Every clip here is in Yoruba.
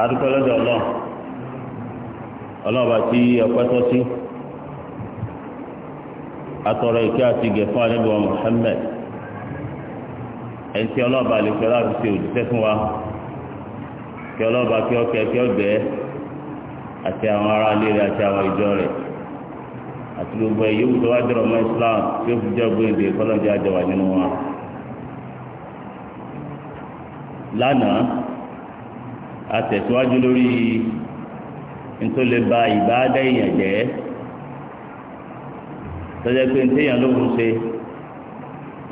adúpẹ́ lọ́dọ̀ ọlọ́run ọlọ́ọ̀bá tí ọpẹ́ sí atọrọ ìkẹ́ àti ìgẹ̀ fún Muhammad ọlọ́ọ̀bá lè fẹ́ láti ṣe òjíṣẹ́ fún wa kí ọlọ́ọ̀bá kí ọkẹ́ kí ọgbẹ́ àti àwọn ará ilé rẹ̀ àti àwọn ìjọ àtẹ̀síwájú lórí ntòlẹ́ba ìbáadá èèyàn jẹ́ tọ́jà pé ntẹ́yàn ló ń ṣe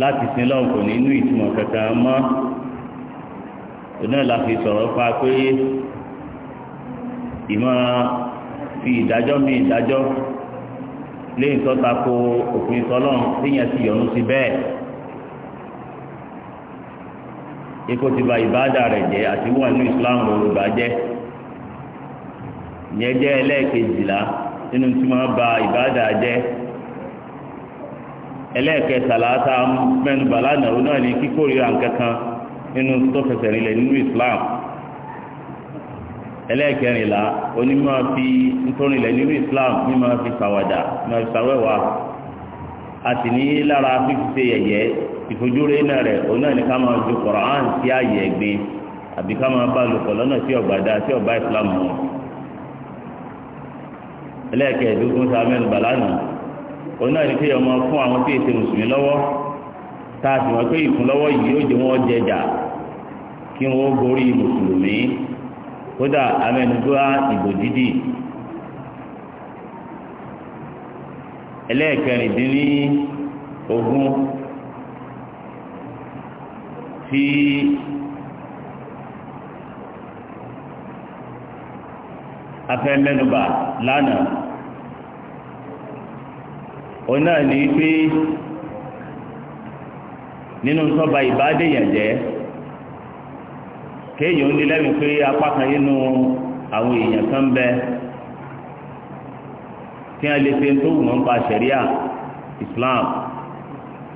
láti sin lọ́wọ́ kò ní inú ìtumọ̀ kankan mọ́ onáà la fi sọ̀rọ̀ pa pé ìmọ̀ fi ìdájọ́ mi ìdájọ́ lẹ́yìn tó tako òfin tọ́lọ́run téèyàn sì yọ̀nu sí bẹ́ẹ̀. ikú ti ba ìbáàdà rẹ̀ jẹ́ àti wọ́n nínú islam olùgbà jẹ́ yẹn jẹ́ ẹlẹ́ẹ̀kejìlá nínú tí wọ́n ba ìbáàdà jẹ́ ẹlẹ́ẹ̀kẹtàlá tá a mẹ́nu bà náà ní kíkórìíra kankan nínú tó fẹsẹ̀ rinlẹ̀ nínú islam ẹlẹ́ẹ̀kẹrìnlá onímọ̀ fi nítorínlẹ̀ nínú islam mímọ̀ fi ṣàwàdà mímọ̀ fi ṣàwẹ̀wà àti ní lára fífi ṣe yẹ̀yẹ́ ìfojúre náà rẹ̀ òun náà ní ká máa ju Qur'an sí ààyè ẹ̀gbin àbí ká máa bá lòpọ̀ lọ́nà tí ọ̀gbà dáa tí ọ̀bá ìsìlámù wọn. ẹlẹ́ẹ̀kẹ́ ìdógún samuel òun náà ní pé ọmọ fún àwọn tí èsè mùsùlùmí lọ́wọ́ tá a sì mọ̀ pé yìí yóò wọ́n jẹjà kí wọ́n gorí mùsùlùmí kódà amẹnugbá ìbò dídì ogún. tí afẹ́ mẹ́nubà lánàá òun náà ní pé nínú sọ́ba ìbádéyàn kéèyàn ń di lẹ́mìí pé apá kan nínú àwọn èèyàn kan bẹ tí wọ́n lè ṣe tó wù wọ́n pa Islam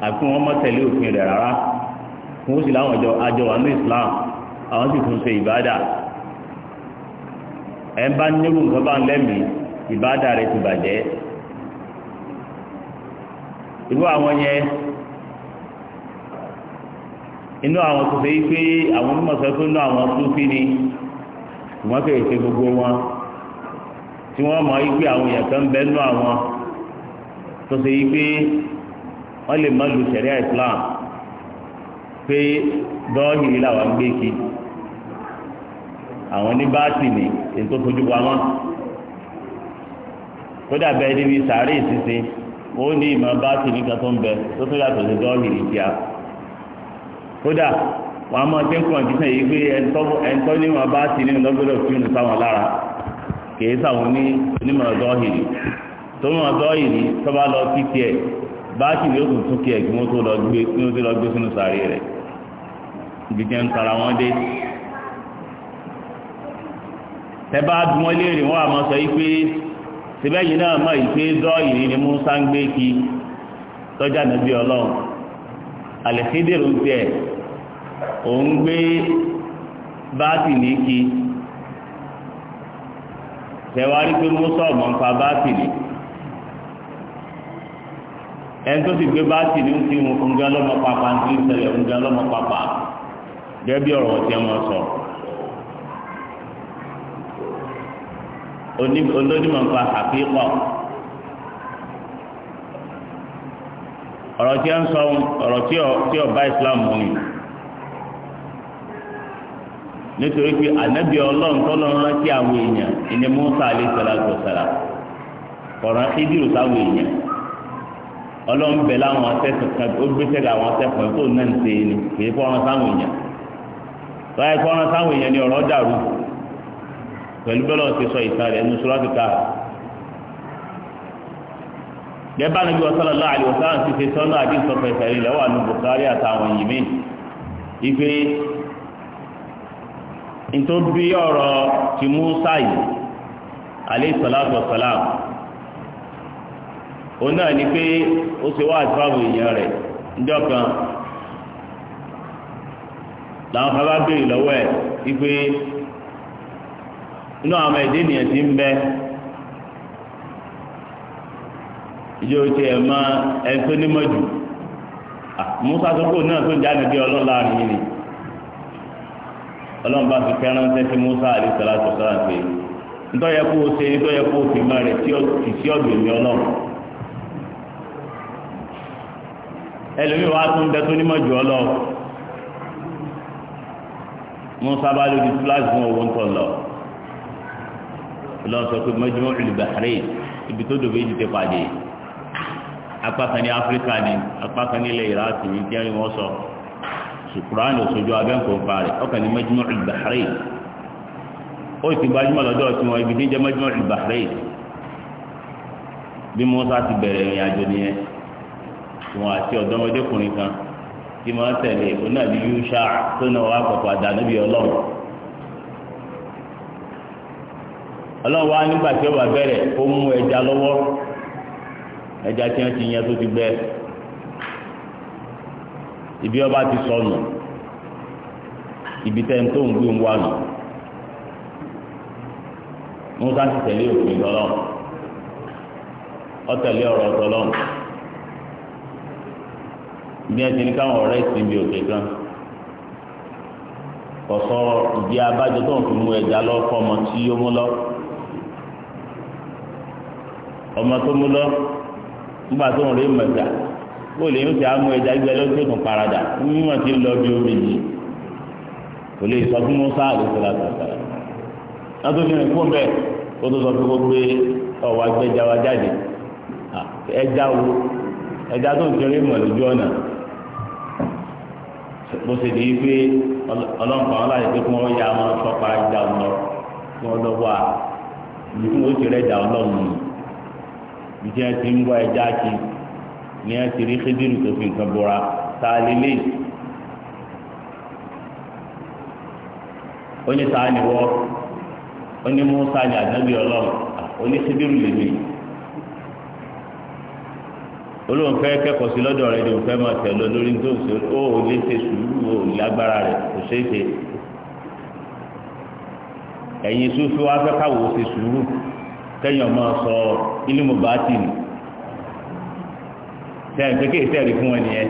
àti wọ́n mọ̀ tẹ̀lé òfin rẹ̀ fún òsì láwọn a àjọ wà ní Islam àwọn sì ṣe ìbádà ń bá nírú nǹkan bá ń lẹ́mìí ìbádà rẹ̀ ti bàjẹ́ irú àwọn yẹn inú àwọn tó fẹ́ yí pé àwọn onímọ̀sán tó ná àwọn ni wọ́n gbogbo wọn tí wọ́n mọ̀ yí pé àwọn èèyàn kan nú àwọn tó ṣe yí pé wọ́n lè Islam. pé dọ́ọ̀hìrì làwọn gbé kí àwọn ní báàtì ní èyí tó fojú pamọ́ kódà bẹ́ẹ̀ níbi sàárè ìsinsin ó ní ìmọ̀ báàtì nìkan tó ń bẹ tó tún yàtọ̀ sí dọ́ọ̀hìrì kíá kódà wọn a máa tẹ́ ń kọ̀ǹtíṣàn yìí pé ẹ̀ńtọ́ ní wọn báàtì nínú lọ́gbọ́dọ̀ fi hùn sáwọn lára kìí sáwọn ní onímọ̀ dọ́ọ̀hìrì tó mọ̀ dọ́ọ̀hìrì tó bá lọ sí tiẹ̀ báàtì ni ó tún tún tiẹ̀ kí wọ́n tó lọ gbé sínú sàárè rẹ̀ ibi tí ń tara wọn dé tẹ́bá dùn wọ́n léèrè wọ́n àmọ́ sọ yí pé síbẹ̀yìn náà mọ̀ yí pé zọ́ọ̀yì ni Musa ń gbé kí tọ́jà nàbí ọlọ́run àlẹ́sídèrò ń tiẹ̀ òun gbé báàtì ní kí tẹwàá rí pé Musa ọmọ ń pa báàtì ní ẹni tó sì gbé báàtì ní ń ti ń gan lọ́mọ pàpà ń ti ń ṣẹlẹ̀ ń gan pàpà. gẹ́gẹ́ bí ọ̀rọ̀ tí sọ. olódìmọ̀ nípa àfihàn ọ̀rọ̀ tí wọ́n sọ ọ̀rọ̀ tí ọba Islam mú ni nítorí pé ànábì ọlọ́run rántí àwọn èèyàn ìní Musa alẹ́ sàlá ìdírò sáwọn èèyàn ọlọ́run bẹ̀ láwọn ó gbé sẹ́gà àwọn kan tó náà ń ni kì í sáwọn láyé kí wọ́n rán sáwọn èèyàn ní ọ̀rọ̀ dàrú pẹ̀lú bẹ́lọ̀ ti sọ ìtàn rẹ̀ ní sùrọ́tì ká gẹ́gbà níbi sallallahu alaihi wasallam ti fi sọ́nà àdín sọ̀fẹ̀ ìfẹ̀rí lẹ́wà ní Bukhari àtàwọn yìí mí ife nítorí bí ọ̀rọ̀ ti pé ó ṣe wá èèyàn rẹ̀ làwọn kan bá béèrè lọ́wọ́ ẹ̀ wípé inú àwọn ẹ̀dẹ́ ènìyàn ti ń bẹ ìjọ tí mọ ẹ̀ musa tó náà tó ń jáde bí ọlọ́lá nìyí ni ọlọ́run bá fi sẹ́sẹ́ musa àdìsára tó sára pé nítorí ẹ̀kú o ṣe nítorí ẹ̀kú o fi máa rẹ̀ kì sí ọ̀gbìn mi ọlọ́run ẹlòmíì bẹ tó ọlọ́run. musa bá lórí fúláṣí fún owó ń tọ̀ lọ lọ sọ pé mọ́júmọ́ ìlúbàárẹ̀ ibi tó dòbí yìí ti pàdé apá kan ní áfíríkà ni apá kan ní ilẹ̀ ìráàtì ní jẹ́rìí wọ́n sọ sùkúránì òṣojú abẹ́ǹkọ̀ọ́fà rẹ̀ ọkàn ní mọ́júmọ́ ìlúbàárẹ̀ ó ti gbajúmọ̀ lọ́dọ̀ tí wọ́n ibi tí ń jẹ́ mọ́júmọ́ ìlúbàárẹ̀ bí musa ti bẹ̀rẹ̀ ìrìn àjò nìyẹn tí àti ọ̀dọ́mọdékùnrin kan tí máa tẹ̀lé oní àbí yúṣà tó náà wà pọ̀pọ̀ àdá ọlọ́run ọlọ́run wá nígbà tí ó bẹ̀rẹ̀ ó mú ẹja lọ́wọ́ ẹja tí wọ́n ti yẹn tó ti gbẹ ibi ọba ti sọnù ibi tẹ́ni tó ń gbé ń wà nù musa ti tẹ̀lé òfin ọ tẹ̀lé ọ̀rọ̀ bí ẹ ti ní káwọn ọ̀rẹ́ sí ibi òkè kan kọsọ ìdí abájọ tó ń fi mú ẹja lọ fọmọ tí ó mú lọ ọmọ tó mú lọ nígbà tó ń rí mẹ́ta kó lè ń fi amú ẹja gbẹ lọ́sí òkun parada mímọ̀ tí ń lọ bí omi yìí kò lè sọ fún musa àlùfẹ́lá tàbí látó fi rìn fún bẹ́ẹ̀ kó tó sọ fún gbogbo ọwọ́ agbẹjáwa jáde ẹja wo ẹja tó ń kéré mọ̀ lójú ọ̀nà bó ṣe ní í pé ọlọ́nkàn aláyè pé kí wọ́n ya wọn sọ́pa ìjà ọ̀nà kí wọ́n lọ́wọ́ à ní kí wọ́n ti rẹ̀ dà ọlọ́run yìí bí tí wọ́n ti ń wá ẹja kí ni wọ́n ti rí Khidiru tó fi nǹkan bọ́ra tá a lé léyìí. ó ní sáà ni wọ́ ó ní Musa ni ànábì ọlọ́run ó ní Khidiru lè olóhùn fẹ́ kẹ́kọ̀ọ́ sí lọ́dọ̀ rẹ̀ lóhùn fẹ́ máa tẹ̀lé lórí tó ń sọ ó ò lè ṣe sùúrù ó lágbára rẹ̀ kò ṣeé ṣe ẹ̀yin sùfí wa fẹ́ káwọ́ ṣe sùúrù kẹ́yìn ọmọ sọ ilmu bàtìn tẹ̀yìn pé kéèké rí fún wọn nìyẹn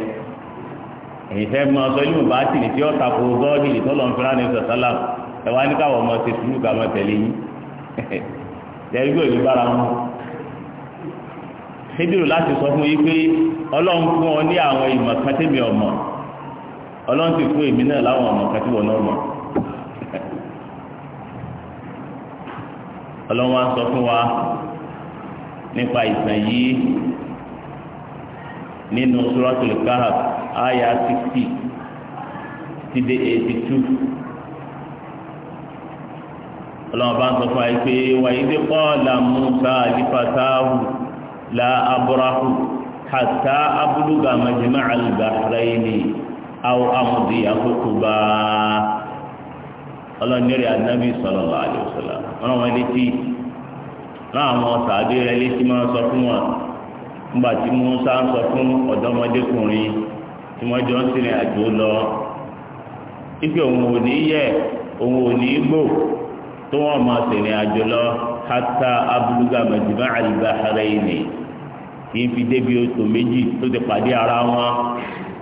ẹ̀yin fẹ́ máa sọ ilmu bàtìn tí ó tako bọ́ọ̀lì tọ́lọ̀ ń fẹ́ra ní sọ̀sálà ẹ̀ wá ní káwọ́ ọmọ ṣe sùúrù ká máa tẹ̀lé yín tẹ̀yìn pé òní bára Hébírù láti sọ fún yí pé ọlọ́run fún ọ ní àwọn ìmọ̀ kan tèmi ọmọ ọlọ́run sì fún èmi náà láwọn ọmọ kan tí wọ́n náà mọ̀ ọlọ́run wá sọ fún wa nípa ìtàn yìí nínú Suratul Kahf àyà sixty ti dé eighty two ọlọ́run bá ń sọ fún wa yí pé wàyí dé kọ́ ọ̀la Musa àdìfàtàwù. la abrahu hatta abluga majma' al-bahrayni aw amdi akutuba ọlọ́nyẹ́rì anabi sallallahu alaihi wasallam ọ̀nà wọn létí láwọn na rẹ létí máa ń nígbà tí Musa ń sọ fún ọ̀dọ́mọdékùnrin tí wọ́n jọ ń àjò lọ ife òun ò ní yẹ òun ò ní gbò tó wọ́n máa àjò lọ hatta kì í fi débi oṣù méjì tó ti pàdé ara wọn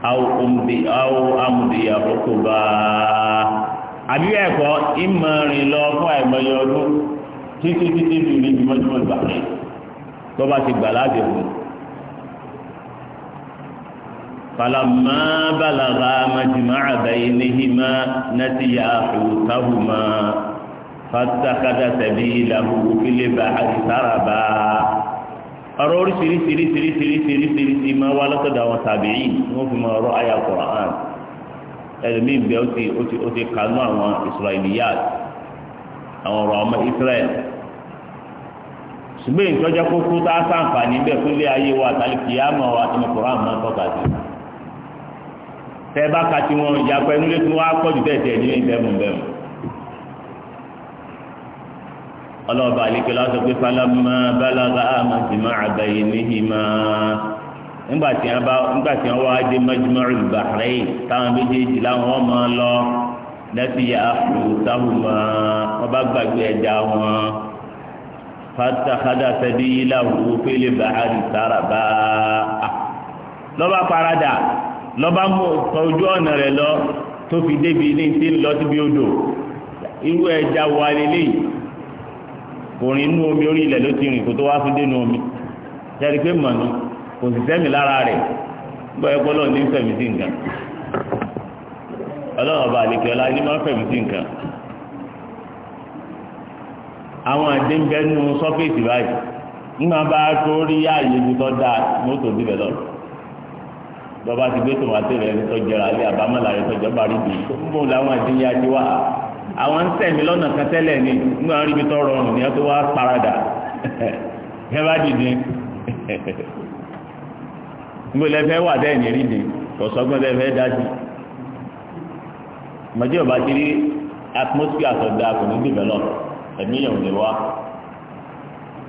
awo omde awo amudeya koko baa àbí ẹ̀kọ́ ìmọ̀rin lọ fún àìmọye ọdún títí títí fi rí jùmọ̀jùmọ̀ gbà rẹ̀ tó bá ti gbà láti fún un فلما بلغا مجمع بينهما نسيا حوتهما فاتخذ سبيله في البحر سربا ọ̀rọ̀ oríṣiríṣiríṣiríṣiríṣiríṣi máa wá lọ́sọ̀dọ̀ àwọn tàbíyì wọ́n fi máa rọ́ àyà Qur'an ẹlòmíì bẹ́ẹ̀ ó ti ó ti ó ti kàánú àwọn Israeliyat àwọn ọ̀rọ̀ ọmọ Israel ṣùgbọ́n ìtọ́jọ́ kókó tá a sàǹfààní bẹ́ẹ̀ fún ilé ayé wa àtàlẹ́ kìyàmọ̀ wa àti Qur'an máa tọ́ka sí tẹ́ bá ka tiwọn ìyàpẹ́ nílé tí wọ́n á pọ̀ jù tẹ̀ tẹ̀ nílé ìbẹ̀mùbẹ̀mù ọlọ́ọ̀bà àlejò láti pé falamma balaga amazima abayinihima nígbàtí wọn bá nígbàtí wọn wá dé majma'ul bahrain táwọn méjèèjì láwọn wọn máa lọ lẹ́sìn yà àfùsáhùmá wọn bá gbàgbé ẹja wọn fatakada sẹbi ilahu fele bahari saraba lọ́ba parada lọ́ba mú ojú ọ̀nà rẹ̀ lọ tó fi débi ní ti ń lọ síbi odò irú ẹja wà lélẹ́yìí kò rìn inú omi orí ilẹ̀ ló ti rìn kó tó wá tún dénú omi ṣẹ́ni pé mọ̀nà kò sì sẹ́mi lára rẹ̀ gbọ́ ẹ gbọ́dọ̀ ní fẹ̀mí sí nǹkan ọlọ́run ọba àlekè ọlá ní máa ń fẹ̀mí sí nǹkan àwọn àdé ń bẹ nú sọ́fíìsì báyìí nígbà bá tó rí ààyè tó dáa mọ́tò bíbẹ̀ lọ́rùn bàbá ti gbé tòmátì rẹ̀ tó jẹrà lé àbámọ́lá rẹ̀ tó jẹ́ bàrí bì í fún làwọn àdéyà ti àwọn ń lọ́nà kan tẹ́lẹ̀ ni nígbà wọn ríbi parada, rọrùn ní Mgbe wá paradà ẹ dìde níbo wà bẹ́ẹ̀ ní rí lẹ́fẹ́ dájú mọ̀jẹ́ ọba ti rí atmosphere tó kò ní develop ẹ̀mí yẹn ò ní wá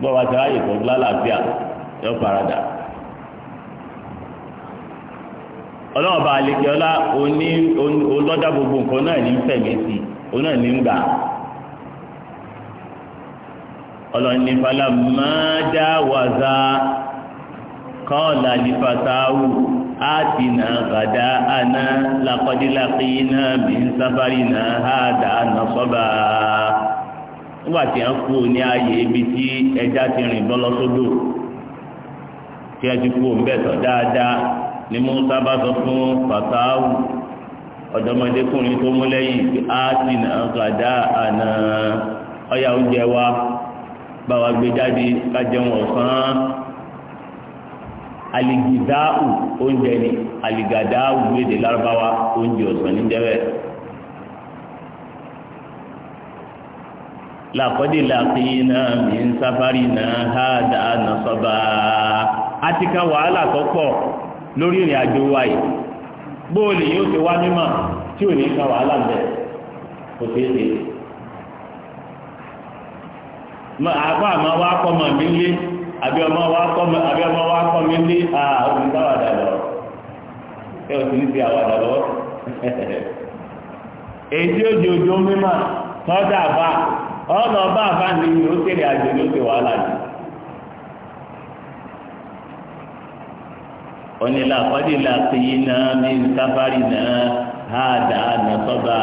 gbọ́ ti ráyè tó lálàáfíà yọ ọlọ́ọ̀bá gbogbo nǹkan náà ní fẹ̀mí òun náà ní ń gbà ọlọ́ni fàlà máa dá wàzà kọ́ọ̀lá nífàtàwù áti náà gàdá àná lakọ́dílákì náà mi ń sáfárì náà háàdà nọ́sọ́bà nígbà tí a ń kú ní ààyè ibi tí ẹja ti rìn bọ́ lọ́sọ́dọ̀ tí a ti kú òun bẹ̀ tọ́ dáadáa ni Mùsá bá sọ fún fàtàwù ọ̀dọ́mọdékùnrin tó mú lẹ́yìn pé á ti nà kàdá àná ọ̀yà oúnjẹ wa bá wa gbé jáde ká jẹun ọ̀sán aligidáù oúnjẹ ni aligadáù gbèdè lárúbáwá oúnjẹ ọ̀sán ní jẹ́bẹ̀. làkọ́dé làkìyìn náà mi ń sáfárì náà há dáa nà sọ́ba àti ká wàhálà tó pọ̀ lórí ìrìn àjò wa yìí. bóòlì yóò ti wá mímọ̀ tí ò ní kan wàhálà bẹ kò sí ma àbá àmọ́ wá kọ́ mọ̀ mí lé àbí ọmọ wá kọ́ mí lé àwọn ìgbàwàdà lọ ẹ ò sì ní ti àwàdà lọ èyí ó di ojú mímọ̀ tọ́jà bá ọ̀nà ọba àbá ni ó kéré àjò ló ti wàhálà yìí. onílà kọ́dílà péye náà ní sáfárì náà á dà nọ́sọ́bà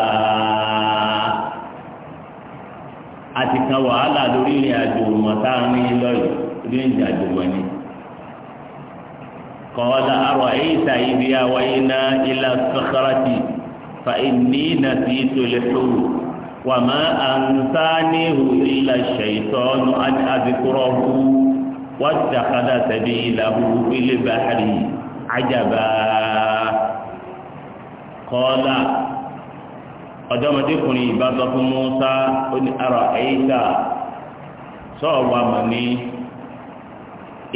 àti kan wàhálà lórí ìrìn àjò mọ̀tá ní lọ́yọ̀ lórí ìrìn àjò wọ̀nyí. kọ́ọ̀dà àrò àyíṣà ibi àwáyé náà ilà sọ́kárátì fa ìní nà sí tòlẹ́tòrò wà má à ń sá ní ihò ilà ṣèyítọ́nù àti àbíkúrọ̀hù wàtàkàdà tẹ̀bí ìlàhù ilé bàárì yìí àjàbá kọ́ọ́lá ọ̀dọ́mọdékùnrin ìbá sọ fún Musa ó ní ara ẹ̀yíta sọ́ọ̀wọ́ àmọ́ ní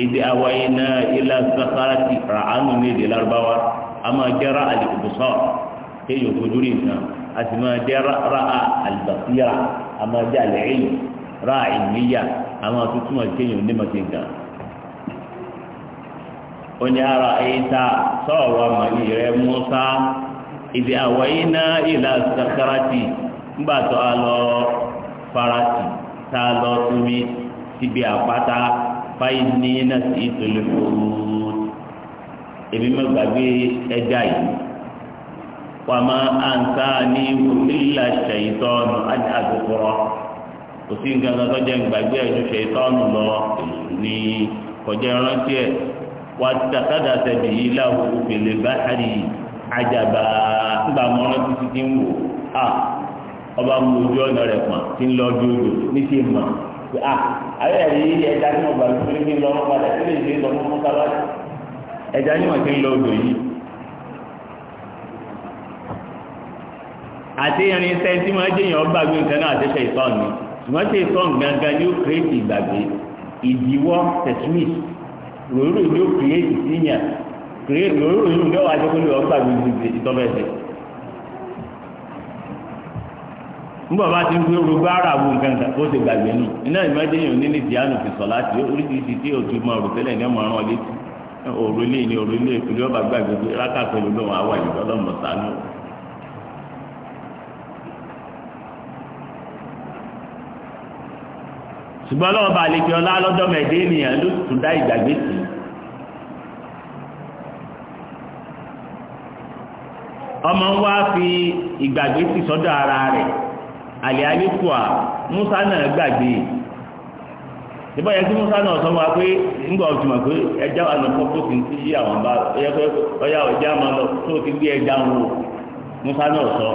ìdí àwáyé náà ilá sàkárà ti rà ánú ní èdè lárúbáwá a máa jẹ́ ra àlìkùbùsọ̀ kéèyàn fojú rí nǹkan a sì máa jẹ́ ra àlìbàsíyà a máa jẹ́ àlẹ́ ra ìmíyà a máa tuntun àti kéèyàn onímọ̀ sí onye ara sọ̀rọ̀ amani rẹ musa ìdí àwọn yìí ná sakarati ńgbàtọ alọ farati ta alọ lọ ti bi àpáta báyìí ní nàti ìtòlè fòrò èmi má ẹja yìí wà má àǹtá ní ìlà ṣèyítọ́nù àti kò sí nǹkan kan tó jẹ́ gbàgbé ẹ̀jú lọ ní wàtàkàdà sẹbi yìí láwùjọ òkèlè báhárì àjàbá nígbà mọ́rán títí tí ń wò á ọba mú ojú ọ̀nà rẹ̀ pọ̀n tí ń lọ ojú odò níṣẹ́ mọ̀ á ayé ẹ̀rí ẹja ní ọgbà tó lé ní lọ́rùn padà tó lè ṣe lọ fún mọ́tàlá ẹja ní ti ń lọ odò yìí. àti irinṣẹ́ tí wọ́n jẹ́ èèyàn gbàgbé nǹkan náà àti ṣe ìtọ́ ni wọ́n ṣe ìtọ́ gangan ní ó ìgbàgbé ìdíwọ́ tẹ̀síwìsì ròrò ìlú ó kìrìẹ́tì sí yàn ròrò ìlú ní ọwọ́ àjẹkùn lè ọgbà gbogbo ìtọ́fẹ́sẹ̀. nígbà bá ti ń gbé ara nǹkan kan ó ti gbàgbé nù iná yìí ò ní ní fi sọ̀ láti oríṣiríṣi tí òtún mọ ọ̀rọ̀ tẹ́lẹ̀ ní ọmọ ọ̀rọ̀ létí ọ̀rọ̀ lé ìpínlẹ̀ ọba gbàgbé pé ló àwọn ṣùgbọ́n lọ́wọ́ ọmọ ń wá fi ìgbàgbé sí sọ́dọ̀ ara rẹ̀ àlè Musa náà gbàgbé ìbá ya kí Musa náà sọ wa pé ńgbà pé ẹja wà lọ fún fún sí yí àwọn bá ọyá pé ọyá ọjà máa lọ tó ti gbé ẹja ń Musa náà sọ.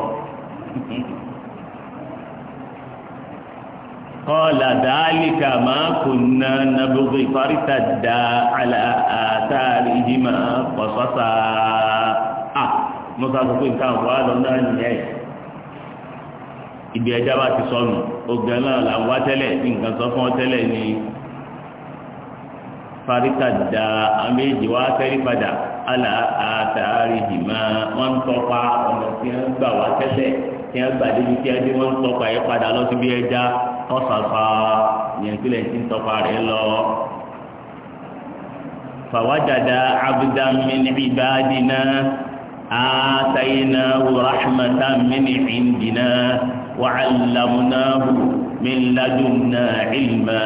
kọ́ọ̀lá dáálíkà máa kò ná nàbọ̀gbé dá àtàrí ìdí musa sọ pé nǹkan wà lọ́nà nìyẹn ibi ẹja bá ti sọnù oge náà là ń wá tẹ́lẹ̀ ní nǹkan sọ fún ọ tẹ́lẹ̀ ní farita da améjì wá tẹ́rí padà ala àtàrí ìmá wọn ń tọpa ọ̀nà tí wọ́n gbà wá tẹ́lẹ̀ tí wọ́n gbà débi tí wọ́n ń tọpa yẹn padà lọ síbi ẹja ọ̀sàfà yẹn tí lẹ́yìn tí ń tọpa rẹ̀ lọ fàwájàdá abdulhamid ibadina. آتيناه رحمة من عندنا وعلمناه من لدنا علما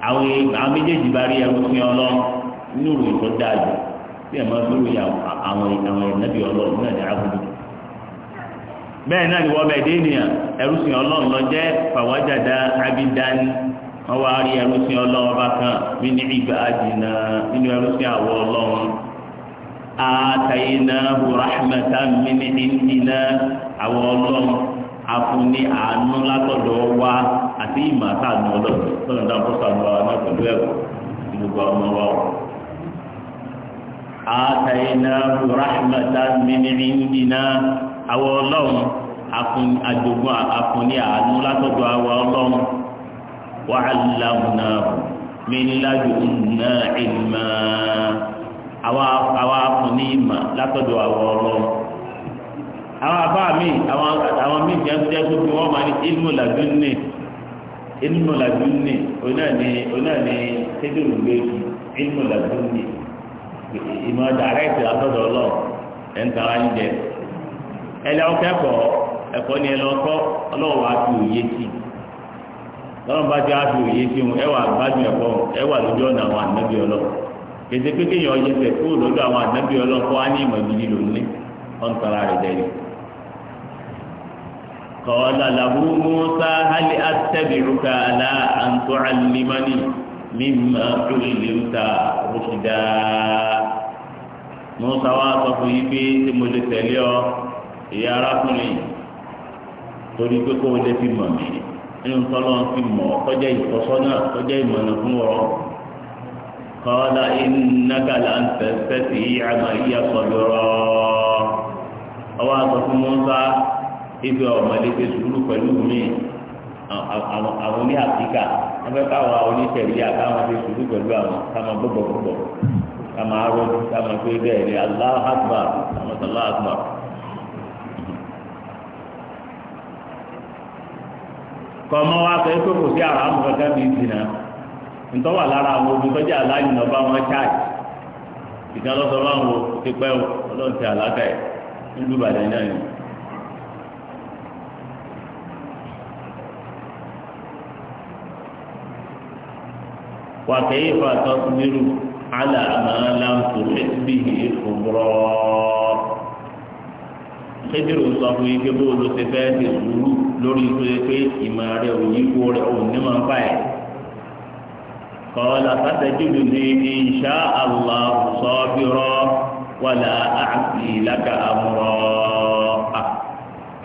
àwọn àwọn méjèèjì bá rí ẹrú fún ọlọ́run nínú ìròyìn tó dáa jù bí ẹ máa lórí àwọn àwọn ìnábì ọlọ́run náà ní abudu bẹ́ẹ̀ náà ni wọ́n bẹ̀ dé ènìyàn ẹrú sìn ọlọ́run lọ jẹ́ fàwájàdá abidani wọ́n wá rí ẹrú sìn ọlọ́run ọba kan mí ní ìgbà àjìnà nínú ẹrú sìn àwọ̀ ọlọ́run àtàyínáhu rahmatan min indina àwọn ọlọ́run afún ní àánú látọ̀dọ̀ wa àti ìmọ̀ àtàánú ọlọ́run lọ́dọ̀ dáhùn fún sàánú wa náà pẹ̀lú ẹ̀kọ́ gbogbo ọmọ wa o. àtàyínáhu rahmatan min indina àwọn ọlọ́run afún àjogún afún ní àánú látọ̀dọ̀ àwọn ọlọ́run wàhálà múnáà mi ní lájú náà ìmọ̀ àwa fún ní látọ̀dọ̀ àwọn ọlọ́run àwọn àbá mi àwọn míì jẹ́ jẹ́ tó fi máa ní ilmu ladunni ilmu ladunni onáni onáni tẹ́jọ́rù méjì ilmu ladunni ìmọ̀ dàrẹ́tì látọ̀dọ̀ ń jẹ ẹ̀kọ́ ni òye sí bá òye sí wọn ẹ̀kọ́ lójú ọ̀nà àwọn ànábì kèsè pé kéèyàn yẹ tẹ̀ kúrò lọ́dọ̀ àwọn ànábì ọlọ́run kó wá ní ìmọ̀ ìbílí lónìí ọ̀n tara rẹ̀ dẹ́yìn. kọ́ọ̀lá làbú musa hali atẹ́bìrúkà alá àǹtọ́ alimani mímọ́ ìlúta rúṣìdá. musa wá sọ fún yí pé tí mo lè tẹ̀lé ọ ìyá arákùnrin torí pé kó o lè fi mọ̀ mí nínú tọ́lọ́ fi mọ̀ kọjá ìtọ́sọ́nà kọjá ìmọ̀nà fún ọ. قال إنك لن تستطيع معي صبرا ọwọ́ àtọ́kùn mọ́sá ibi ọ̀mọ̀ lè fi sùúrù pẹ̀lú mi àwọn ní àfíríkà wọ́n fẹ́ káwọn oníṣẹ̀lẹ̀ àtàwọn fi sùúrù pẹ̀lú àwọn káwọn gbọ́gbọ́ gbọ́gbọ́ káwọn arọ́jú káwọn pé kama ni Allahu Akbar káwọn sọ̀lá àgbà. ntọ́wà lára àwọn ogun tọ́jà aláàjì náà bá wọn ṣáàjì ìdá lọ́sọ̀ bá wọn ti pẹ́ o ọlọ́run ti àlákà ẹ̀ nílùú ìbàdàn náà ni. wàkẹ́yì fàtọ́ nírú àlà àmàlà láǹtòlẹ̀ bíi ìfòmùrọ̀ kédèrò sọ fún yìí pé bó ti fẹ́ lórí ìpele ìmọ̀ rẹ̀ òyìnbó rẹ̀ òun ní máa ń bá ẹ̀. kọ́lá sátẹ́júdù ní insha allah sọ́bírọ́ wàlá àti ìlàkà àmúrọ́ à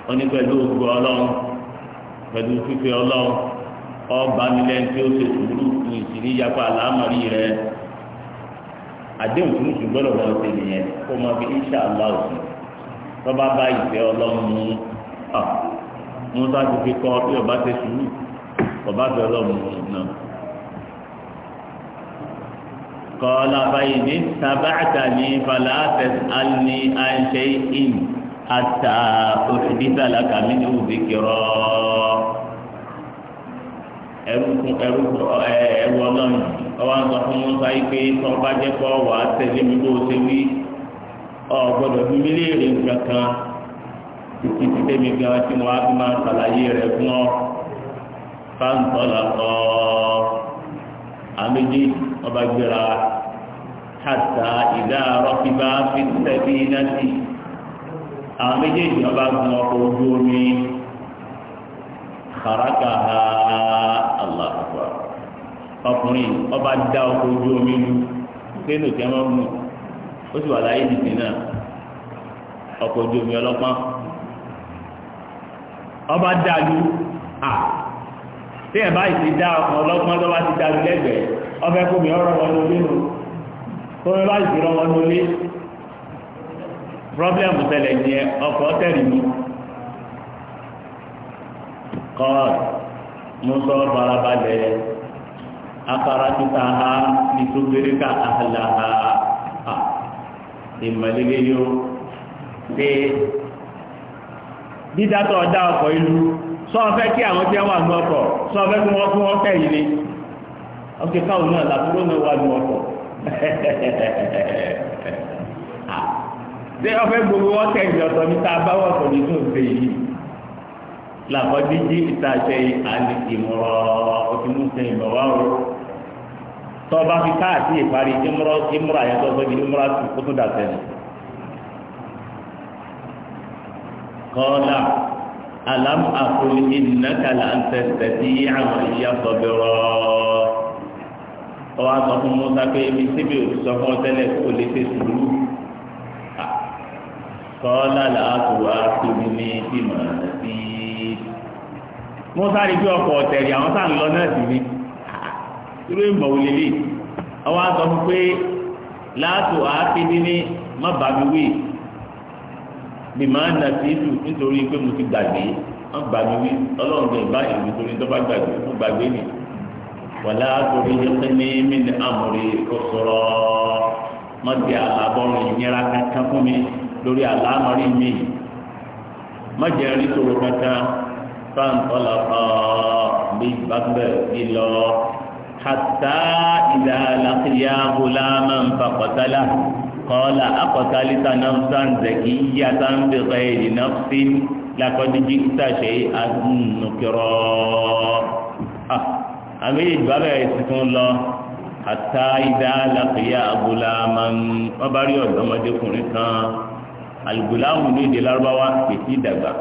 wọ́n ní pẹ̀lú ògùn ọlọ́run pẹ̀lú fífẹ́ ọlọ́run ọba nílẹ̀ tí ó ṣe sùúrù n'isi ìsìrí yapa àlámọ̀rí rẹ̀ àdéhùn tó nìyẹn kó bá ìfẹ́ ọlọ́run mú mú sáà ti ọba ṣe ọba ọlọ́run mú náà. kọ́lá báyìí ní sábàtà ní falafes alni àṣẹ in àtà òṣìṣẹ́lá kàmínú bìkìrọ́ ẹrú ẹrú ẹrú ọlọ́run ọwọ́ sọ fún musa yìí pé tó bá jẹ́ pọ́ wàá tẹ̀lé mi bó ṣe wí ọ gbọ́dọ̀ bí mi léèrè nǹkan kan títí tí tẹ́mi gan tí mo á fi máa ń ṣàlàyé rẹ̀ fún ọ fáńtọ́lá kọ́ ọ àméjì ọba gbéra hàtà ìdá rọ́kìbá fi tẹ̀lé iná sí àwọn méjèèjì ọba gun ọkọ̀ ojú omi kàràkà ha aláàbà ọkùnrin ọba dá ọkọ̀ ojú omi lu plénù tí a máa mú ó sì wà láyé nìkan náà ọkọ̀ ojú omi ọlọ́pàá ọba dá lu à tí ẹ̀ báyìí ti dá ọkàn ọlọ́gbọ́n tó bá ti dá lẹ́gbẹ̀ẹ́ ọfẹ́ kó mi ọ̀rọ̀ wọn lólé nù tó mi bá ìdúró wọn lólé pírọ́blẹ́mù tẹ̀lẹ̀ ní ẹ ọkọ̀ tẹ̀lé mi kọ́ọ̀t mo sọ farabalẹ̀ afárá títa ha ní ká àhàlà ha ìmọ̀lẹ́gẹ́ yóò ṣe dídátọ̀ ọ̀dá ọkọ̀ ìlú sọ́ọ̀fẹ́ kí àwọn tí wà ní ọkọ̀ sọ́ọ̀fẹ́ kí wọ́n fún wọn kẹ́yìn ni ọkẹ́ káwọn náà làbúrò náà wà ní ọkọ̀ ṣé ọfẹ́ gbogbo wọn kẹ́yìn ọ̀tọ̀ ní tá a bá wọ̀ pọ̀ nínú òfin yìí làkọ́jú jí ìtaṣẹ́ ìmọ̀ràn òfinú sẹ́yìn bọ̀ wá o tọ́ba fi káàtì ìparí ìmúra yàtọ̀ sọ́bi ìmúra tó tó alam akul innaka la ń tẹ̀sẹ̀ sí àwọn ìyá sọ̀bẹ̀rọ̀ ọwọ́ sọ fún Musa pé ebi síbi òtún sọ fún ọ tẹ́lẹ̀ kó lè ṣe sùúrù kọ́lá làákù àtòbí ní tìmọ̀ sí i. Musa rí pé ọkọ̀ ọ̀tẹ̀rì àwọn sáà ń lọ náà sí mi irú ìmọ̀ wò lélẹ̀ àwọn àtọ́ fún pé láàtò àtòbí ní má bàbí wíì bìmọ̀ ànà sí ìtù nítorí pé mo ti gbàgbé wọ́n gbàgbé wí ọlọ́run gbẹ̀ bá ìlú torí tó bá gbàgbé mo gbàgbé nì wàlá torí yẹpẹ ní mímí àmúrí ọ̀sọ̀rọ̀ mọ́tì àlàbọ̀rùn ìnira kankan fún mi lórí àlámọ́rí mi mọ́jẹ́ rí tòrò kankan fáńtọ́lá bí bàbá bí lọ hàtà ìdá làkìyà bùlámà ń fàkọ̀tálà kọ́lá akọ̀tálítà náà sáǹdẹ̀ kì í yí àtàǹdẹ̀kọ̀ èdè náà sí lakọ́dí jíkítà ṣe àdùnnùkìrọ̀ àmì ìgbà bẹ̀rẹ̀ tuntun lọ àtà ìdá alákìyà agolama wọn bá rí ọ̀dọ́mọdékùnrin kan alugolamu ní èdè lárúbáwá kìí dàgbà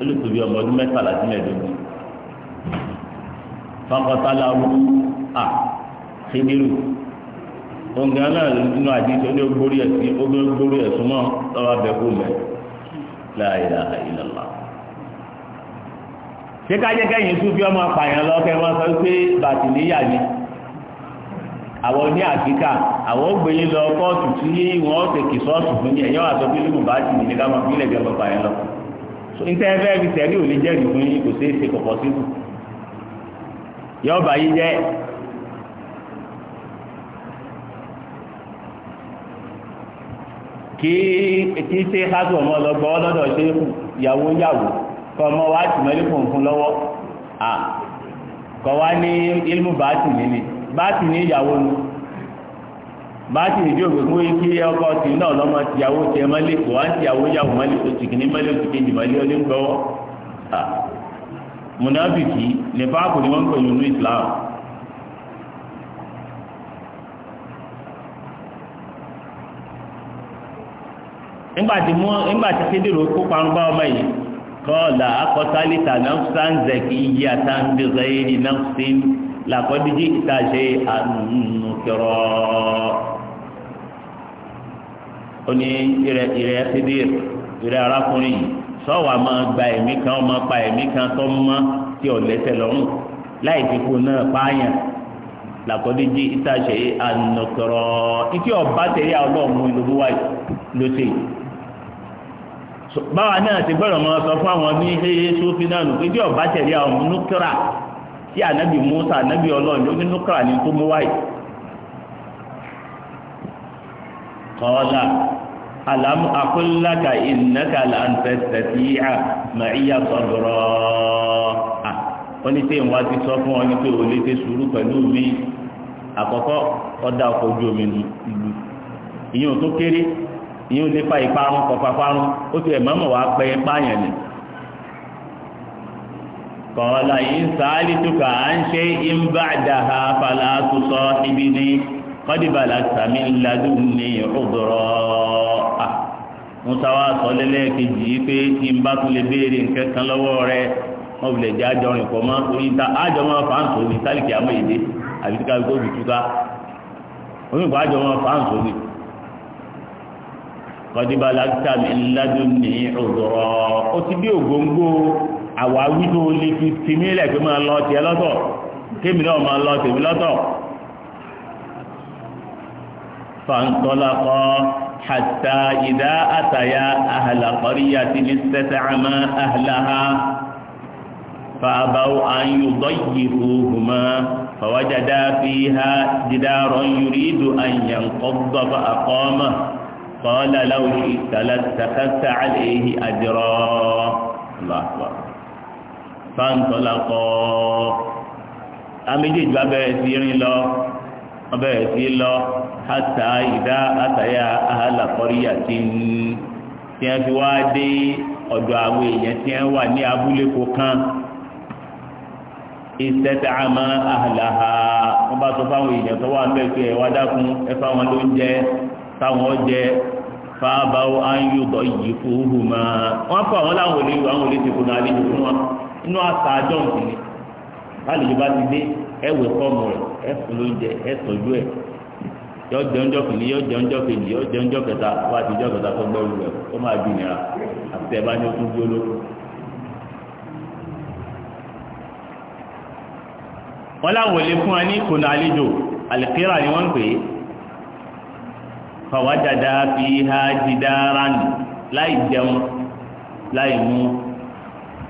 olùtòbí ọmọ mẹ́tàlá sí mẹ́ẹ̀ẹ́dógún fakọ́tà làwọn a oúnjẹ náà nínú àdìsọ ní ogbórí ẹsìn ogbórí ẹsùn mọ lọ́wọ́ abẹ kó mẹ la ilaha illallah. ṣé ká jẹ́ kẹ́yìn tún fi ọmọ apààyàn lọ kẹ́ wọ́n sọ pé bàtì níyà ni àwọn ní àkíkà àwọn ògbéyìn lọ kóòtù tí wọ́n tèkì sọ́ọ̀tù fún yẹn yọ́n àtọ́ bí lùmù bàtì ní ká máa fílẹ̀ jẹ́ apààyàn lọ. níta ẹ fẹ́ fi tẹ̀lé òní jẹ́rìí fún yín kò ṣeé ṣe kọ̀kọ́ síbù yọ́ọ̀bà yìí jẹ́ kìí ṣe káàtó ọmọ ọlọgbọ ọlọdọ ṣe yàwó yàwó kọmọ wa ti mọ ilé fòǹfòǹ lọ́wọ́ à kọ wá ní ilmu bàtì nínú bàtì ní ìyàwó nu bàtì ní ìjọba mú kí ọkọ tì náà lọmọ tìyàwó tẹ mọlẹ kò wá ń tìyàwó yàwó mọlẹ oṣù kìíní mọlẹ oṣù kejì mọlẹ ọlẹ ń gbọwọ à mùnàbìkì nípa kò ní wọn ń pè nínú Islam. nígbàtí kédèrò kó parun bá ọmọ yìí kọ́ọ̀lá akọ́tálítà nafsanzeki iye àtàǹdìrẹ́ ìrì nafsin làkọ́díjì ìtàṣe ànùkẹrọ. ó ní ìrẹ̀ ìrẹ̀ kédèrè ìrẹ̀ arákùnrin yìí sọ́wọ́ a máa gba ẹ̀mí kan ọmọ pa ẹ̀mí kan tó mọ́ tí ò lẹ́sẹ̀ lọ́rùn láì fi kú náà pààyàn làkọ́díjì ìtàṣe ànùkẹrọ. ikí ọba tẹ̀lé àwọn ọmọ ìlú wáyé ló ṣe yìí báwa náà ti gbọ́dọ̀ mọ sọ fún àwọn ní ṣéyé sófì náà nù pé bí ọba tẹ̀lé àwọn núkírà tí ànábì Musa ànábì Ọlọ́run ló ní núkírà ní tó mú wáyé kọ́ọ́lá alam akólaka ìnáka là ń tẹ̀sẹ̀ sí ìhà mà ìyá sọ̀rọ̀ à ó ní sẹ́yìn wá ti sọ fún ọ ní pé o lè ṣe sùúrù pẹ̀lú mi àkọ́kọ́ ọ̀dà ọkọ̀ ojú omi ìlú ìyẹn ò tó kéré ìyẹn ò lè fa ìparun kọfà parun ó ti ẹ̀mọ́ mọ̀ wá pẹ́ pààyàn ni. yìí ń sáálí à ń ṣe ń bá dàha fàlà tó sọ ibi ní kọ́dìbàlà sàmì ladùn ní ọ̀dọ̀rọ̀ à. musa wa sọ lẹ́lẹ́kejì yìí pé n bá tún lè béèrè lọ́wọ́ rẹ wọ́n fi lè jẹ́ mọ́ ta àjọ máa fà ń kọ́díbà láti àmì ńládùn ní òdòrọ̀ ó ti bí ògóńgó àwáwí tó lè fi tìmí lẹ̀ pé máa lọ tiẹ̀ lọ́tọ̀ kémi náà máa lọ tèmi lọ́tọ̀ fàǹtọ́lákọ́ hatta ìdá àtàyà àhàlàkọ́ríyà ti ní sẹ́sẹ́ fàbáwò àyùdọ́ yìí fàwájádá fi ha jìdá rọ̀ yìí rí ìdù àyànkọ́ gbọ́ قال لو شئت takasa àlẹ́yìí àjọrọ́ lọ́wọ́ fáńtọ́lá kọ́ amédèjì bá bẹ̀rẹ̀ له rìn lọ wọ́n bẹ̀rẹ̀ sí lọ hàtà ìdá àtàyà àhàlà kọ́ríyà tí ń tí wọ́n fi wá dé ọ̀dọ̀ àwọn èèyàn tí wọ́n wà ní abúlé kọ̀ọ̀kan ìtẹ́tẹ́ àmọ́ àhàlàhà wọ́n bá sọ fáwọn èèyàn tó wà ń bẹ̀ pé ẹ̀wá dákun ẹ̀fà wọn ló ń jẹ táwọn ọ̀jẹ́ fàbà ayọ̀dọ̀ yìí fòhùn máa wọ́n fọ àwọn láwọn olè àwọn olè ti fòhùn àlejò fún wọn inú àṣà àjọ nǹkan ni àlejò bá ti dé ẹwẹ fọ́ọ̀mù rẹ̀ ẹ fún lóúnjẹ ẹ yọ jẹ ọjọ́ kìíní yọ jẹ ọjọ́ kejì yọ jẹ ọjọ́ kẹta wá ti jọ kẹta tó gbẹrù rẹ̀ tó máa bí nira àti ẹ bá ní ojú bí olóko. wọ́n láwọn olè fún wa ní kònà àlejò àlèkérà ni wọ́n ń pè é. fàwájàdá fi ha jidaran láì jẹun láì mú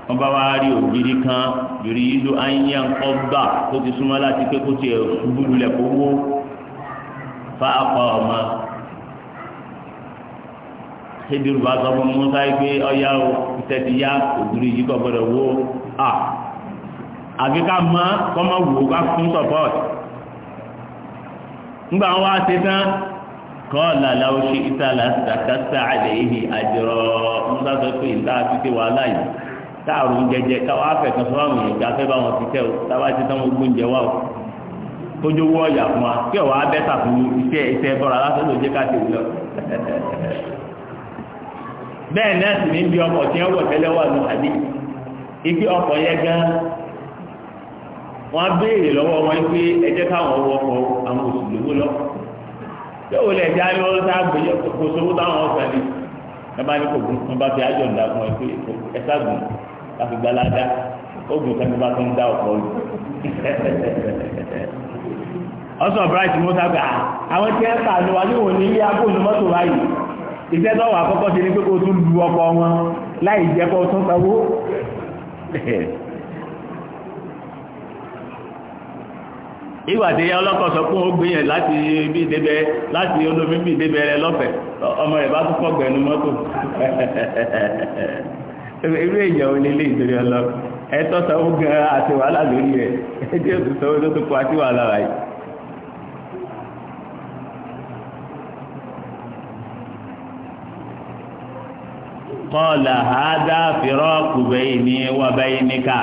wọn bá wá rí kan yòrí ìlú ayé ńkọ tó ti súnmọ́ láti pé kó tiẹ̀ ṣubú kó wó fa akọ ọmọ hediru bá sọ fún musa yìí ya ògiri yìí kọ́ a àfi ká mọ kọ́ mọ wò ká fún kọ́ọ̀lá làwọn ṣe ìtàlá ṣàkásá àlẹ́yìí àjọrọ̀ musa sọ pé ìta àfihàn wàhálà yìí jẹjẹ káwọn afẹ́kan sọ àwọn èèyàn káfẹ́ bá wọn ti tẹ́ o táwa ti tán ogún jẹ wá o kójú wọ́ ọ̀yà fún wa kí ọ̀wá iṣẹ́ iṣẹ́ bọ́ra lásán ló jẹ́ wúlọ. bẹ́ẹ̀ bí ọkọ̀ tí wọ̀ tẹ́lẹ̀ wà ní ibi ọkọ̀ yóò ole ẹ̀jẹ̀ á ní wọ́n sá gbé táwọn ọ̀sẹ̀ ni ẹ bá ní kò gùn wọn bá fi àjọ fún ẹ pé ẹ gbalada ó gùn sẹ́ni bá tó ń dá ọ̀pọ̀ lù bright mọ́tà gbà àwọn tí ẹ ní wájú wò ní ilé agbóhùn mọ́tò iṣẹ́ tó wà kọ́kọ́ pé kó tún lu ọkọ wọn láì jẹ́ ìwà tí ọlọ́kọ̀ sọ fún ó gbìyàn láti ibi ìdébẹ̀ láti olómi bí ìdébẹ̀ rẹ lọ́fẹ̀ ọmọ rẹ̀ bá tún kọ́ gbẹ̀nu mọ́tò irú èèyàn ò ìtorí ọlọ ẹ̀tọ́ sanwó gan àti wàhálà lórí rẹ̀ ẹdí òtún sanwó tó tó kọ àti wàhálà rà yìí. kọ́ọ̀lá àádá fìrọ́ọ̀kù bẹ́yìn ní bẹ́yìn níkà.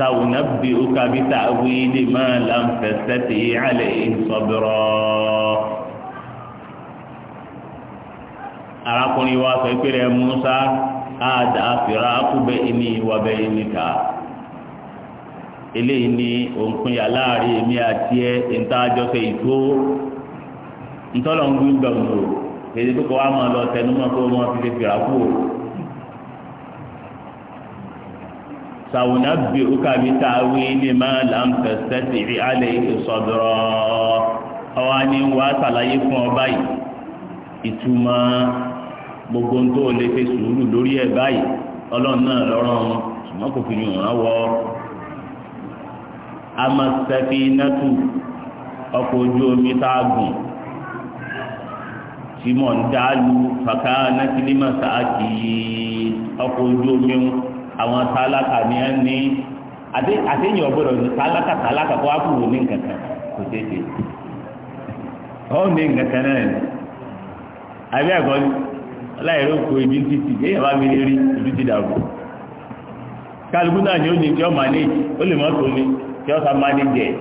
سأنبئك بِتَأْوِيلِ مَا لَمْ تستطع عليه صبرا arákùnrin wa sọ pé rẹ Musa àdá fìrà kúbẹ ìní ìwàbẹ ìníkà eléyìí ni òǹkùn yà láàrin èmi àti ẹ ìtajọsẹ ìtó ntọ́lọ̀ ń gbé gbàgbọ́ èdè tó kọ́ wa máa lọ tẹnumọ́ kó wọn fi lè fìrà kú o. سأنبئك بتأويل ما لم تستطع عليه صدرا àwa ni wà á ṣàlàyé fún ọ báyìí ìtumọ̀ gbogbo ń tó lè fi sùúrù lórí ẹ̀ báyìí ọlọ́run náà lọ́rọ̀ ṣùgbọ́n kò fi yùn rán wọ́ amasẹ́fì nẹ́tù ọkọ̀ ojú omi tá a gùn tí mò ń dá lu fàkà nẹ́tìlímọ̀ sáà ọkọ̀ ojú omi ń àwọn tálákà ni ẹ ní àtẹ̀yìn ọ̀gbọ́dọ̀ ní tálákà tálákà kó ápùwò ní nǹkankan kò tètè ó ní nǹkankan náà ni àbí ẹ̀kọ́ ni láìró kó ibi ń títì èèyàn bá mi rí ìlú ti dàgbò kálukú náà ni ó ní kí ọ manage ó lè mọ́tò ní kí ọ sá manage ẹ̀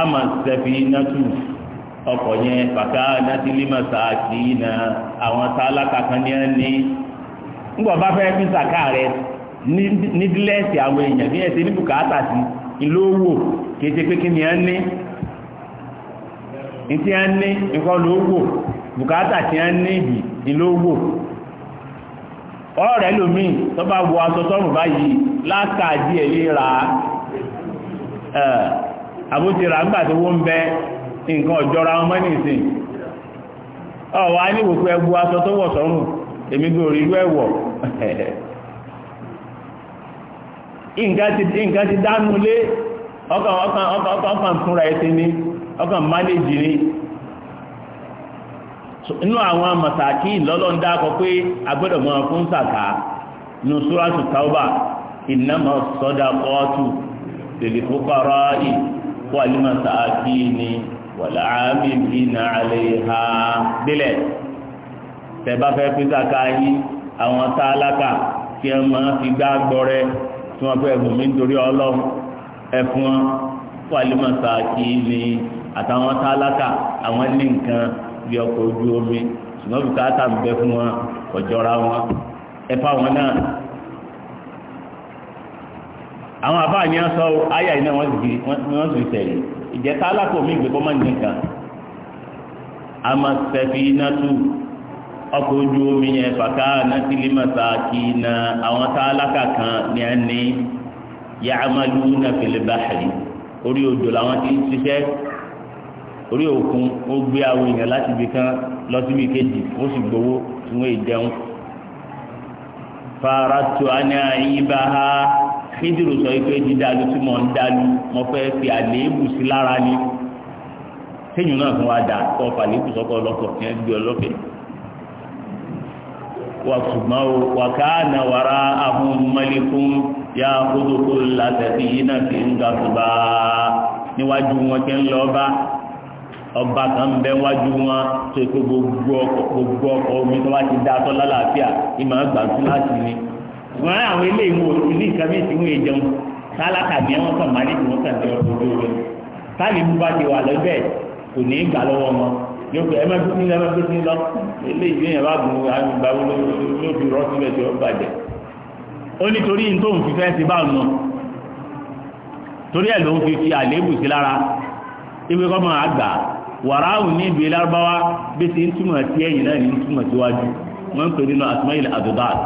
ama sẹfi natu ọkọ yẹn bàtà nati lima saaki na àwọn tá alákàkán ní ẹni ńgbà bá fẹ́ fi sàkà rẹ ní dílẹ́ẹ̀sì àwọn èèyàn bí ẹ̀sẹ̀ ní bùkátà sí ìlú owó pé kí ni ẹ ní ìtí ẹ ní nǹkan ló wò tí ẹ ní ìdì ìlú owó ọ̀rọ̀ tó bá wọ aṣọ tọrùn báyìí ra àbótira nígbà tó wó bẹ èmi bí orí irú ẹ̀wọ̀ nǹkan ti dánú lé ọkàn ọkàn ọkàn ọkàn fúnra ẹ̀ ti ọkàn mánéjì ní inú àwọn masaki dákọ pé mọ́ fún sàkà ní sọ́dá kọ́ọ̀tù ì ni àlè ha tẹ̀bá fẹ́ pín yí àwọn tálákà tí ẹ máa fi gbọ́rẹ́ tí wọ́n fẹ́ nítorí ọlọ́run ẹ̀fún wọn kì í àtàwọn àwọn ní nǹkan bí ojú omi ṣùgbọ́n fún wọn ọ̀jọ́ra wọn ẹ̀fà wọn àwọn àbá ni sọ iná wọ́n sì ìgbẹ́kọ́ máa ń nìkan iná ọkọ̀ ojú omi yẹn fàkà nàtìlímàtà kì í na àwọn tálákà kan ní ẹni yàmàlú nàfẹlẹbàhàlì orí odò làwọn ti ń ṣiṣẹ́ orí òkun ó gbé àwọn èèyàn láti ibì kan lọ síbi kejì ó sì gbowó tí wọn ìjẹun faratu ani ayibaha hidiru sọ pé dídalu tí mo ń dalu mo fẹ́ fi àléébù sí lára ni téèyàn náà fún wa dà kọ́ fàléébù sọ́kọ́ ọlọ́kọ̀ tí gbé ọlọ́kẹ́ yìí. wa wàkánà wàrà ahùn mẹ́lẹ́kùn ya kótókó látẹ̀sí yìí náà sì ń gàtùbà níwájú wọn tẹ́ ń ọba kan bẹ́ wájú wọn tó gbogbo ọkọ̀ omi tó wá ti dá lálàáfíà ìmọ̀ àgbà láti ní. wọ́n àwọn ilé ìwò ilé ìkàmì máa ọdún táàbí bú bá yóò fẹ́ ẹ má gbé sílẹ̀ ẹ má gbé sílẹ̀ eléyìí bí èèyàn bá gùn àwọn ìgbà wo ló fi rọ́ síbẹ̀ tí ó bàjẹ́ ó nítorí ní tó ń fi fẹ́ẹ́ sí bá nù torí ẹ̀ ló ń fi fi àléébù sí lára ìwé kọ́ máa gbà wàráhùn ní ìdílé lárúbáwá bí ti ń túmọ̀ sí ẹ̀yìn náà ní ń túmọ̀ síwájú wọ́n ń pè nínú asmail adobar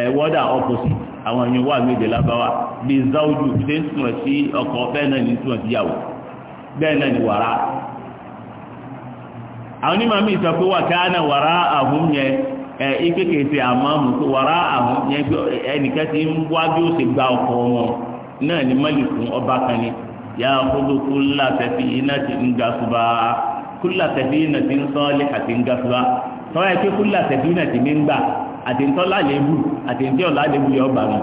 ẹ̀ wọ́dà opposite àwọn èèyàn wà ní ìdílé lárúbáwá bí záwùjú ti ń túmọ̀ sí ọkọ bẹ́ẹ̀ náà ní ń túmọ̀ síyàwó bẹ́ẹ̀ náà ní wàrà àwọn onímọ̀ mi sọ pé wà káánà wàrà àhún yẹn ẹ ìkékèké àmọ́mù tó wàrà àhún yẹn ẹnìkan ti ń wá bí ó ṣe gba ọkọ̀ wọn náà ni mọ́lìkún ọba kan ni yà á kótó kúlà tẹ̀sí iná ti ń ga suba kúlà tẹ̀sí iná ti ń sọ́ọ́lé àti ń ga suba tọ́wọ́ ẹ pé kúlà tẹ̀sí iná ti ń gbà àti ń tọ́lá lébù àti ń tí ọ̀lá lébù yọ ọba mi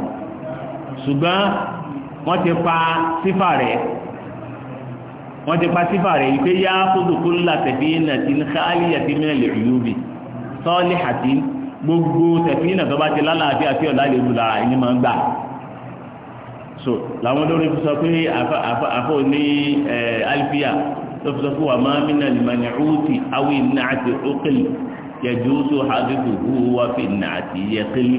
ṣùgbọ́n wọ́n ti pa sífà rẹ̀ wọ́n ti pa sífà rẹ̀ yìí pé yá kódòkó ńlá tẹ̀fínà ti ń ká àlìyà ti mìíràn lè rí lóbi sọ́ọ́lì àti gbogbo tẹ̀fínà tó bá ti lálàáfíà àti ọ̀la lè lù lára ẹni máa ń gbà. so làwọn olórin fi sọ pé àfọ ní alifia tó fi sọ pé wà máa mí náà lè máa ní awi iná àti ókèlì yẹjú tó hàbíkù hu wá fi iná àti yẹkẹlì.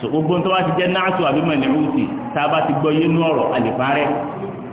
so gbogbo tó bá ti jẹ́ náà tó àbí máa ní ọ̀hútì tá a bá ti gbọ́ yé nú ọ̀rọ̀ àlè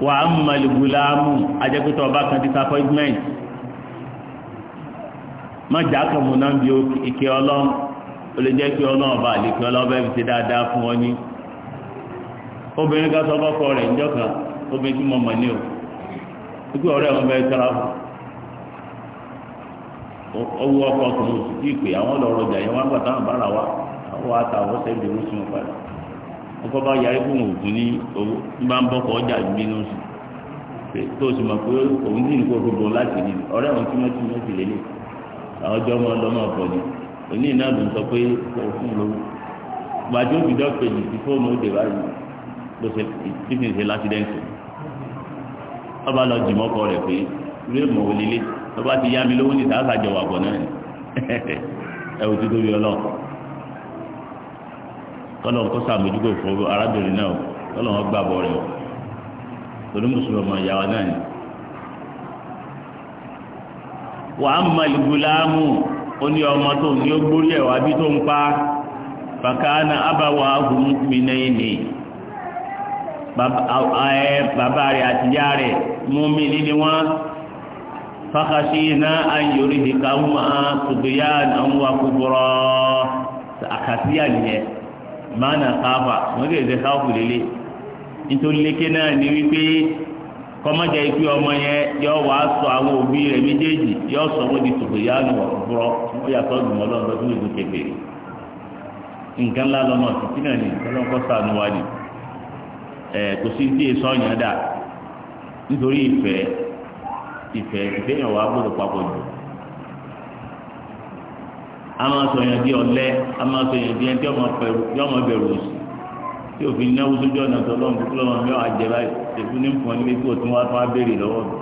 wa á mọ̀lì gùlámù ajẹ́pẹ́tọ̀ ọba kan disappointment mọ̀jà kan múná bí ike ọlọ́run ó lè jẹ́ pé ọlọ́run ọba àlèkè ọlọ́ọ̀bẹ fi dada fún ọ ní obìnrin kan sọ fọ́kọ rẹ̀ níjọ́ kan obìnrin tí mo mọ̀ o wípé ọ̀rẹ́ wọn bẹ́ẹ̀ sára fún owó ọkọ̀ ọkùnrin òsì tí ì pé àwọn lọ́rọ̀ wa ọkọ bá yarí fún òògùn ní owó ní bá ń bọ́kọ̀ ọjà ìbínú sí tó o sì mọ̀ pé òun sì ní kó gbogbo láti rí ọ̀rẹ́ òun tí wọ́n ti wọ́n ti lélẹ̀ àwọn ọjọ́ ọmọ ọlọ́mọ ọ̀pọ̀ ni òní iná ló ń sọ pé kò fún lówó gbàdúrà òbí dọ́pẹ̀ yìí ti fóònù ó dé báyìí ló ṣe tí kì í ṣe lásìdẹ́ǹtì ọba lọ jìmọ̀ kọ rẹ̀ pé ilé ìmọ̀ òlélẹ̀ ọba ti yá mi lówó ní ìdáhàjọ wà pọ̀ náà ẹ̀ òtítọ́ bí ọlọ́ọ̀ kọ́lọ̀ ń kó sàmójúkò fún arábìnrin náà kọ́lọ̀ wọn gbà bọ̀ rẹ̀ torí mùsùlùmí ọmọ ìyá wa náà ni. wà á mọ ìgbìláàmù ó ní ọmọ tó ní ó gbórí ẹ̀ wá bí tó ń pa fàkàánà ábáwá ahùn mi náà ni bàbá rẹ̀ àtìyá rẹ̀ mú mi nílé wọn fakasina ayọ̀rìdìkà wọn àtùgbéyà àwọn akóbọ̀rọ̀ àkàtìyà nìyẹn. mana káfà wọ́n lè ṣe káfù lélẹ̀ nítorí lékè náà ni wípé kọ́mọ́jà ikú ọmọ yẹn yọ wá sọ àwọn òbí rẹ̀ méjèèjì yọ sọ wọ́n di tòkè yá ni wọ́n wọ́n yàtọ̀ dùnmọ́ tó lè nǹkan ńlá títí náà ni sànù wá ẹ̀ kò sí tí èso ọ̀yàn dà nítorí ìfẹ́ a máa sọ yẹn di ọ̀lẹ a máa sọ yẹn di ẹni tí ọmọ bẹ̀rù òsì tí òfin náwó sójú ọ̀nà tó lọ́wọ́ nítorí ọmọ mi wà jẹ báyìí èkú ní nǹkan níbi tí òtún wá tó wá béèrè lọ́wọ́ mi.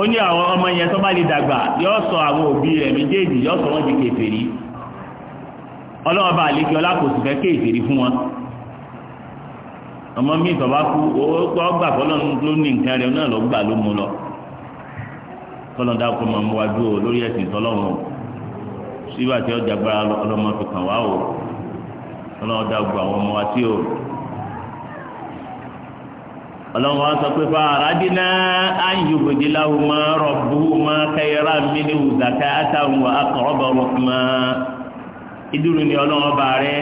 ó ní àwọn ọmọ yẹn tó bá lè dàgbà yóò sọ àwọn òbí rẹ̀ méjèèjì yóò sọ wọ́n di kèfèrí ọlọ́wọ́ bá àlékè ọlá kò sì fẹ́ kèfèrí fún wọn ọmọ mi ìtọ́ bá kú ó gbà fọlọ́run ló ní nǹkan rẹ̀ kọ́lọ́n dáa kó máa mú wa dúró lórí ẹ̀sìn tọ́lọ́run o síbà tí ọjà gbára ọlọ́mọ fi kàn wá o ọlọ́run gbọ́ àwọn ọmọ wa o. ọlọ́run sọ pé fàárà dínà áyùbòdìláwò máa rọ̀bù máa kẹyẹrà mí ní wùzàkà àtàwọn akọ̀rọ̀bọ̀rọ̀ máa ìdúró ni ọba rẹ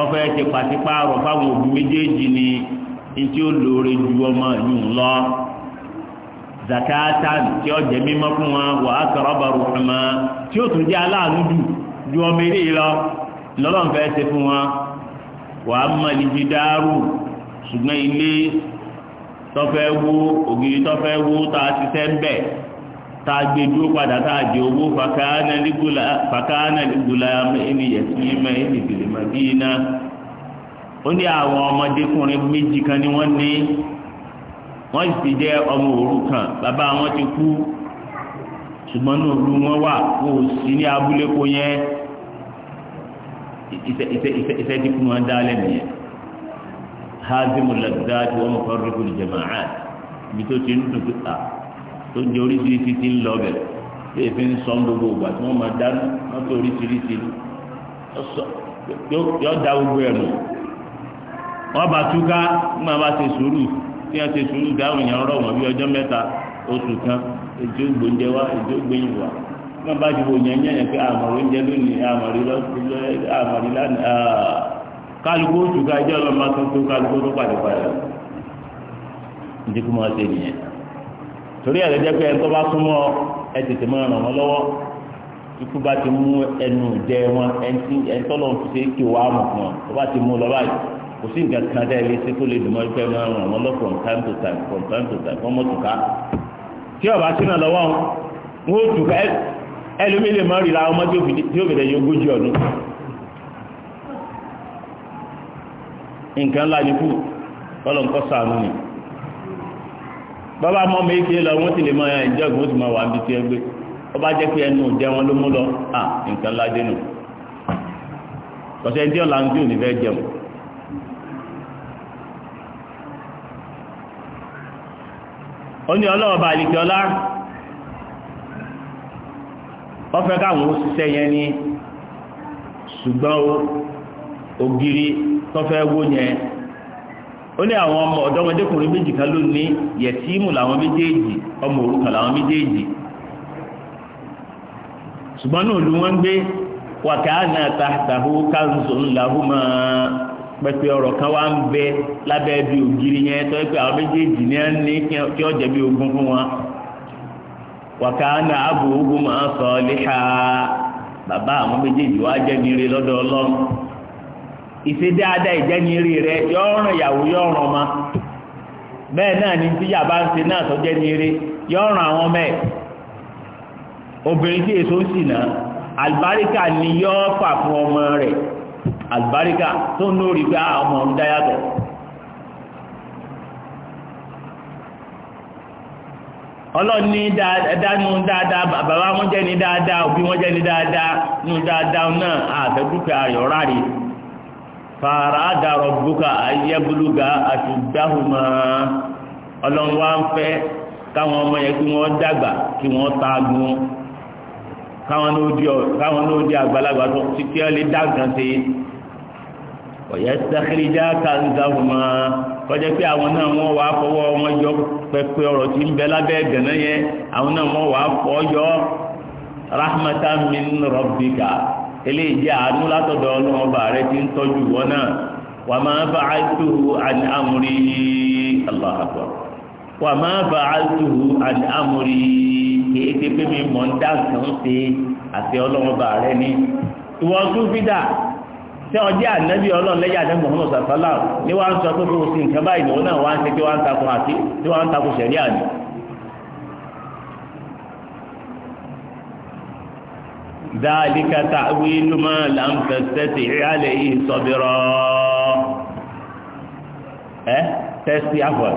ọfẹ́ ti fáwọn òbí méjèèjì ni ó lóore ju ọmọ zakata tí ó jẹ́ mímọ́ fún wọn wà á sọ̀rọ̀ bàrù ọmọ tí ó tún jẹ́ aláàánú jù ju ọmọ ilé lọ lọ́lọ́nfẹ́ ṣe fún wọn wà á mọ ìdí dáàrú ṣùgbọ́n ilé tọ́fẹ́ wó ògiri tọ́fẹ́ wó tá a ti sẹ́ ń bẹ̀ tá a gbé dúró padà tá jẹ owó fàkánà lígula ẹni yẹtí mẹ ẹni tìlẹmọ bíi náà ó ní àwọn ọmọdékùnrin méjì kan ni wọ́n ní. wọ́n sì jẹ́ ọmọ kan bàbá wọn ti kú ṣùgbọ́n ní olú wọn wà wọn ò sí ní abúlé kó yẹn iṣẹ́ tí kú wọn dá lẹ́nu yẹn hazimu wọn jama'a ibi tó ti ń dùn tó ta tó ń jẹ oríṣiríṣi ti ń lọ tó èéfín ń sọ gbogbo tí máa dáná a wọ́n ṣe sùúrù dáhùn yẹn rọ̀ bí ọjọ́ mẹ́ta oṣù kan èdè ògbóúnjẹ wa èdè ògbóyìn wa bá ti wò yẹn yẹn pé àmọ̀rí oúnjẹ lónìí àmọ̀rí lánàá kálukú oṣù ká ẹjọ́ lọ́mọ tó tó tó pàdé pàdé nìyẹn torí pé bá ẹ tètè ràn ikú bá ti mú ẹnu jẹ wọn kí wàá mọ̀ fún ọ bá ti mú kò sí nǹkan kan dá ilé sí tó lè dùnmọ́ ìfẹ́ máa ràn wọ́n lọ from time to time from time to time wọ́n mọ̀ tùká tí ọba sínú lọ́wọ́ wọn ó tùká ẹlòmíì lè mọ́ rira ọmọ tí ó fi dẹ̀yìn ogójì ọdún nǹkan ńlá ni kú ọlọ́nkọ́ sàánú ni bàbá mọ́ méjì lọ wọ́n ti lè mọ ẹ̀jẹ̀ ògùn ó ti mọ wà níbi tí ẹ gbé ọba jẹ́ pé ẹnu jẹ́ wọn ló mú lọ à nǹkan ńlá dénú ọ̀sẹ̀ díẹ̀ là ń ó ní ọlọ́ọ̀bà àlìkíọlá wọ́n fẹ́ káwọn òṣìṣẹ́ yẹn ni ṣùgbọ́n ògiri tó wó yẹn ó ní àwọn ọmọ ọ̀dọ́mọdékùnrin méjì kan ló ní làwọn méjèèjì ọmọ òrukàn làwọn méjèèjì ṣùgbọ́n náà wọ́n gbé wàkàánà pẹpẹ ọ̀rọ̀ kan wá ń bẹ lábẹ́ bí ògiri yẹn tó pé àwọn méjèèjì ní ẹn ní kí ọjà bí ogun fún wọn ààbò ogun máa ń sọ bàbá àwọn méjèèjì wá jẹ́ lọ́dọ̀ ọlọ́run ìjẹ́niire rẹ yọ ọ̀ràn ìyàwó yọ ọ̀ràn ọmọ bẹ́ẹ̀ náà ni tí ń ṣe náà tó jẹ́niire yọ ọ̀ràn àwọn ọmọ ẹ̀ obìnrin tí àlùbáríkà tó ń lórí pé ah, ọmọ ọ̀run dáyàtọ̀ ọlọ́run ní dáadáa nù dáadáa bàbá wọn jẹ́ ní dáadáa òbí wọn jẹ́ ní dáadáa nù dáadáa náà àfẹ́dúkẹ́ ayọ̀ ráre fàrà dàrọ̀ bùkà ayébúlùgà àtúndáhùmá ọlọ́run wá ń fẹ́ káwọn ọmọ yẹn kí wọ́n dàgbà kí wọ́n taagun káwọn ló di àgbàlagbà tó ti kí wọ́n lè dàgbà sí i ọ̀yẹ́ sẹ́kìrìjà kanzahuma kọjá pé àwọn náà wọ́n wàá fọwọ́ wọn yọ pẹpẹ ọ̀rọ̀ tí ń bẹ lábẹ́ gànà yẹn àwọn náà wọ́n wàá fọ́ yọ rahmatan min rabbika eléyìí jẹ́ àánú látọ̀dọ̀ ọlọ́run ọba rẹ ti ń tọ́jú wọn náà wà máa bá àìsùhù àti àmúrí aláàbọ̀ wà máa bá àìsùhù àti àmúrí kéèké pé mi mọ̀ ń dá nǹkan ṣe àti ọlọ́run ọba rẹ ní ìwọ́n tún fídà tí ọjọ́ ànábì ọlọ́run lẹ́yìn ànábì Muhammad sàtọ́lá ní wọ́n á sọ pé kò sí nǹkan báyìí lòun náà wọ́n á ṣe kí wọ́n á takò àti tí wọ́n á takò sẹ̀rí àná. dáàlíkà tàwí lùmọ̀ làǹfẹ̀sẹ̀tì ìhàlẹ̀ yìí sọ̀bìrọ̀ ẹ́ tẹ́sí àfọ̀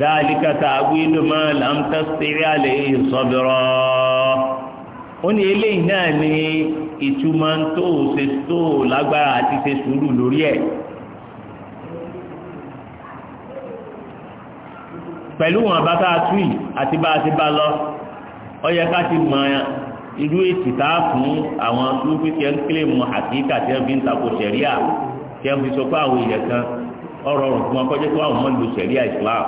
dáàlíkà tàwí lùmọ̀ làǹfẹ̀sẹ̀tì ìhàlẹ̀ yìí sọ̀bìrọ̀ ó ní eléyìí náà ni ìtumọ̀ tó ṣe tó lágbára àti ṣe sùúrù lórí ẹ̀ pẹ̀lú wọn bá tá a tú àti bá a ti bá lọ ó yẹ ká ti mọ irú èsì tá a fún àwọn túbú tí ẹ ń kílè mọ àkíkà tí ẹ fi ń takò sẹ̀ríà tí ẹ fi sọ pé àwọn èèyàn kan ọ̀rọ̀ ọ̀rọ̀ fún wọn kọjá tó àwọn ọmọ ìlú sẹ̀ríà Islam.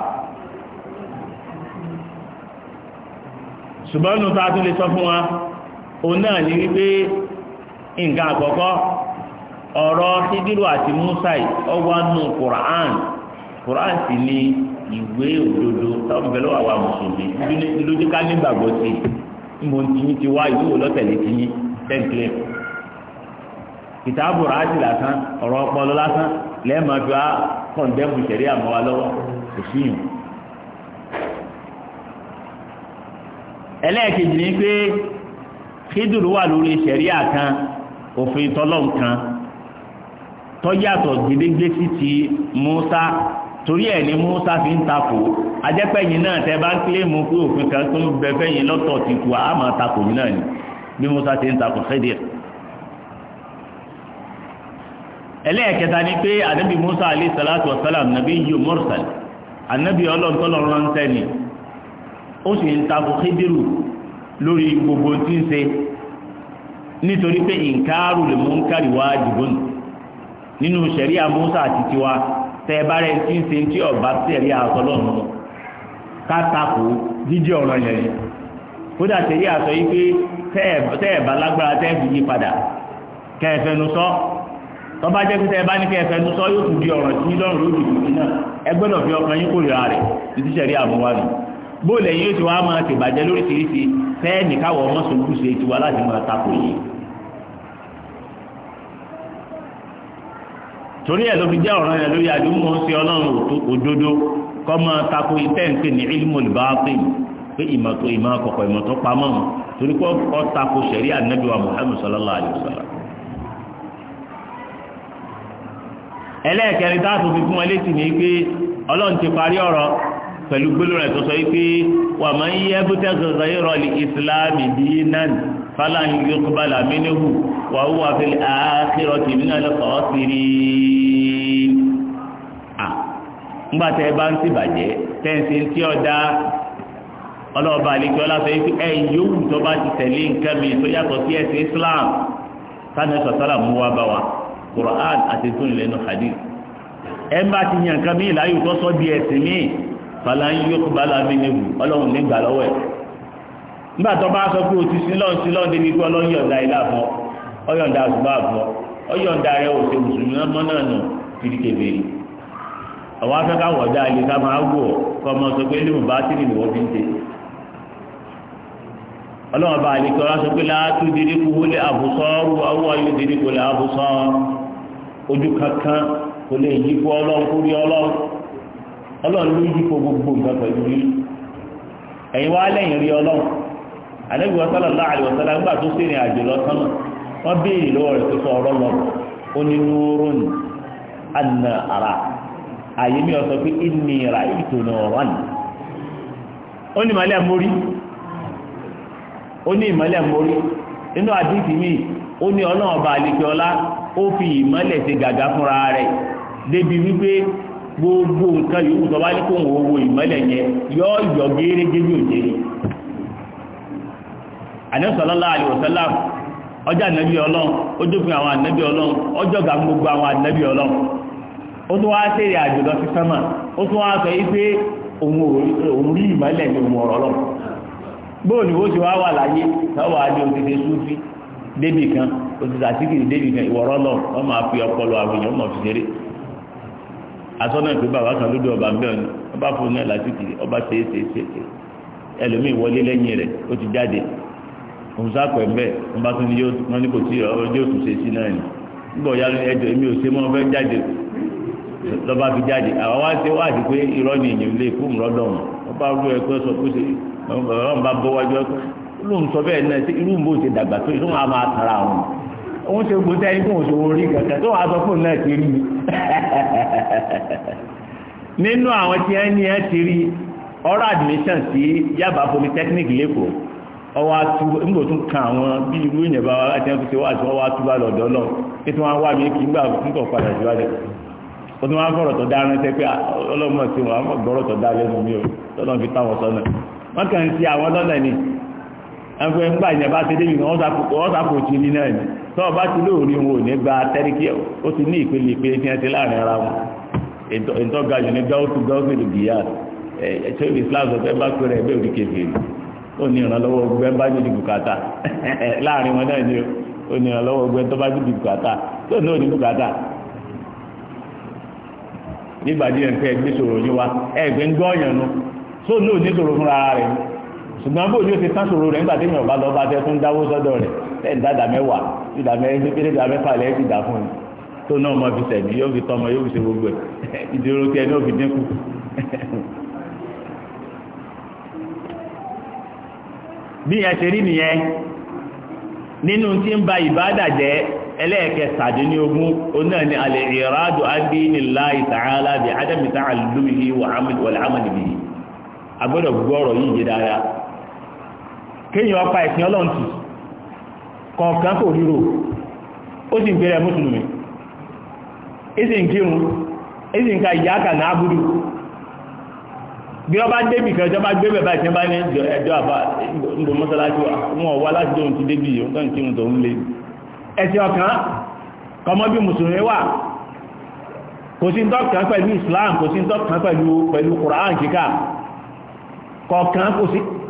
ṣùgbọ́n nù tá a tún lè sọ fún wa ona náà wípé nǹkan àkọ́kọ́ ọ̀rọ̀ hidiru àti musa yìí ọwọ́ quran quran sì ni ìwé òdodo táwọn bẹ̀rẹ̀ wà wà mùsùlùmí lójú ká nígbàgbọ́ sí i mo ti yín ti wá ìlú ti yín tẹ́ǹtìlẹ̀ kìtàbù lásán ọ̀rọ̀ ọpọlọ lásán lẹ́ẹ̀máa fi wá kọ̀ǹdẹ́mù sẹ̀rí àmọ́ wa lọ́wọ́ kò ẹlẹ́ẹ̀kejì ni pé kédùrú wà lórí sẹ̀ríà kan òfin tọ́lọ́n kan tọ́yàtọ̀ gbèdégbé sí ti Musa torí ẹ̀ ni Musa fi ń takò ajẹ́pẹ̀yìn náà tẹ́ bá ń kílèmù pé òfin kan tó ń bẹ fẹ́yìn lọ́tọ̀ ti kù á máa takò yìí náà ni bí Musa ti ń takò Khidir ẹlẹ́ẹ̀kẹta ni pé anabi Musa alayhi salatu wa salam nabi yu mursal anabi ọlọ́ntọ́lọ́rọ́ ń tẹ́ni ó sì ń takò Khidiru lórí gbogbo tí ń ṣe nítorí pé ìǹkaàrù lè mú ń kárì wá jùbọ́n nínú sẹ̀ríà Mùsá àti tiwa tẹ́ ẹ bá rẹ̀ tí ń ṣe tí ọ̀bá sẹ̀ríà ọ̀tọ́lọ́nù kátàkù jíjẹ́ ọ̀rọ̀ yẹn kódà sẹ̀ríà sọ yìí pé tẹ́ ẹ bá lágbára tẹ́ fi yí padà kẹ́ ẹ fẹnu sọ tọ́ba jẹ́ pé tẹ́ ẹ bá ní kẹ́ sọ yóò tún di ọ̀rọ̀ tí lọ́rùn lórí ìdìbò náà ẹ fẹ́ẹ̀nì káwọ̀ ọmọ sojúṣe tiwa láti máa takò yìí torí ẹ̀ ló fi jẹ́ ọ̀ràn ẹ̀ lórí àdúgbò ń ṣe ọlọ́run òdodo kọ́ máa takò ìtẹ́ǹpé ní ilmul baatin pé ìmọ̀ tó ìmọ̀ kọ̀kọ̀ pẹ̀lú gbólóhùn rẹ̀ tó sọ wípé wà máa ń yẹ bútẹ́ sọ̀rọ̀ ìrọ̀lì ìsìláàmì bíi náà fáláhì yóò kó bàlá mínúhù wà ó wà fẹ́lẹ̀ àákérọ̀ tèmi náà lọ́kọ̀ ọ́ sí rí i. ńgbà tẹ́ ẹ bá ń sì bàjẹ́ tẹ́ǹsì tí ọlọ́ọ̀bà àlejò wípé ẹ fàlà ń yóò bá lámì níbù ọlọ́run nígbà lọ́wọ́ ẹ̀ nígbà tó bá sọ pé o ti sílọ́ọ̀ sílọ́ọ̀ débi pé ọlọ́run yọ̀ǹda ilá ọ yọ̀ǹda àṣùbà fún ọ rẹ ò ṣe mùsùlùmí náà nà kiri kebèrè àwọn afẹ́ká wọ̀dá ọ kọ́ ọmọ sọ pé wọ́n fi ń ọlọ́run bá sọ pé ọlọ́run ló yípo gbogbo nǹkan pẹ̀lú rí ẹ̀yin wá lẹ́yìn rí ọlọ́run ànábì sallallahu alaihi wasallam nígbà tó sì rìn àjò lọ sánà wọ́n béèrè lọ́wọ́ rẹ̀ tó sọ ọ̀rọ̀ lọ ó ní nurun anna ara àyè mi ọ̀sọ̀ pé inni ra'aytu nuran ó ní ìmọ̀lẹ́ mórí ó ní ìmọ̀lẹ́ mórí inú àdìsí mi ó ní ọlọ́run ọba àlejò ọlá ó fi ìmọ̀lẹ̀ ṣe gàgà fúnra rẹ̀ débi wípé gbogbo nǹkan yòówù tó bá ní kó ìmọ́lẹ̀ yẹn yọ ìyọ gẹ́gẹ́ bí òjé ni ọjọ́ ọlọ́run àwọn ọlọ́run ọjọ́ ga gbogbo àwọn ànábì ọlọ́run lọ sí sánmà ó tún lọ débì kan débì kan ìwọ̀rọ̀ lọ wọ́n máa fi ọpọlọ àwòyàn mọ̀ fi asọ́nà ìpè bàbá kan lódò ọba bẹ́ẹ̀ ni ọba fún náà lásìkò ọba ṣe é ṣe é ṣe ẹlòmíì wọlé lẹ́yìn rẹ̀ ó ti jáde òun sáàpọ̀ ẹ̀ bẹ́ẹ̀ wọ́n bá tún ní yóò wọ́n ní kò tí ọjọ́ òtún ṣe sí náà ni nígbà ọ̀yá ẹjọ́ èmi ò ṣe mọ́ fẹ́ jáde lọ́ba fi jáde àwọn wá ṣe wáàdì pé irọ́ ni èèyàn lè kú mùrọ́dọ̀ wọn wọ́n bá rú ẹ̀kọ́ sọ pé ṣe ọ̀rọ̀ ń bá bọ́ wájú ẹ̀kọ́ lóun sọ bẹ́ẹ̀ náà òun ṣe gbogbo tẹ́ ikú òṣòwò orí kẹta tó wà sọ fóònù náà ti rí nínú àwọn tí ẹni ẹ ti rí admission sí Yaba Polytechnic lẹ́kọ̀ọ́ ọwọ́ atú nígbò tún kan àwọn bí irú èèyàn àti ẹni ṣe wá àti ọwọ́ atú bá lọ́dọ̀ lọ tí wọ́n wá mi kí n gbà nígbà padà síwájú ẹgbẹ́ ńgbà ìyẹn bá ti dé yìí wọ́n sàkó ní náà ni bá ti lóòrí wọn ò ní gba tẹ́ríkì ó ti ní ìpele ìpele tí wọ́n ti láàrin ara wọn ètò ga ní gáwùtù gáwùtù lè bìyà ṣé Islam sọ bá ẹgbẹ́ ó ní ìrànlọ́wọ́ bá ní láàrin wọn náà ni ó ní ìrànlọ́wọ́ tó bá ní tó ní yín wa ń gbọ́ ọ̀yàn nu tó ní ṣùgbọ́n bó ni ti tán ṣòro rẹ̀ nígbà tí èèyàn bá lọ bá tẹ́ tún dáwó sọ́dọ̀ rẹ̀ tẹ́ ń dáadáa mẹ́wàá ìdá mẹ́rin ìdá mẹ́fà gbogbo ẹ̀ ìdúró tí ẹni ò fi dínkù. bí yẹn ṣe rí nìyẹn nínú tí ń ba onáà ni alẹ́ lómi kéèyàn ọpa ẹ̀sìn ọlọ́run tì kọ̀ọ̀kan kò ríro ó sì ń gbẹ̀rẹ̀ mùsùlùmí ìsì ń kírun ka ìyáàkà náà búdú bí ọba débì kan ìjọba gbé bẹ̀bá ìsìn ní ẹjọ́ àbá ìgbò mọ́sálásí wa wọn wá láti dóhun ti débì tó ń lé ẹ̀sìn kọmọ bí mùsùlùmí wà kò sí dọ́kàn pẹ̀lú Islam kò sí dọ́kàn pẹ̀lú kíkà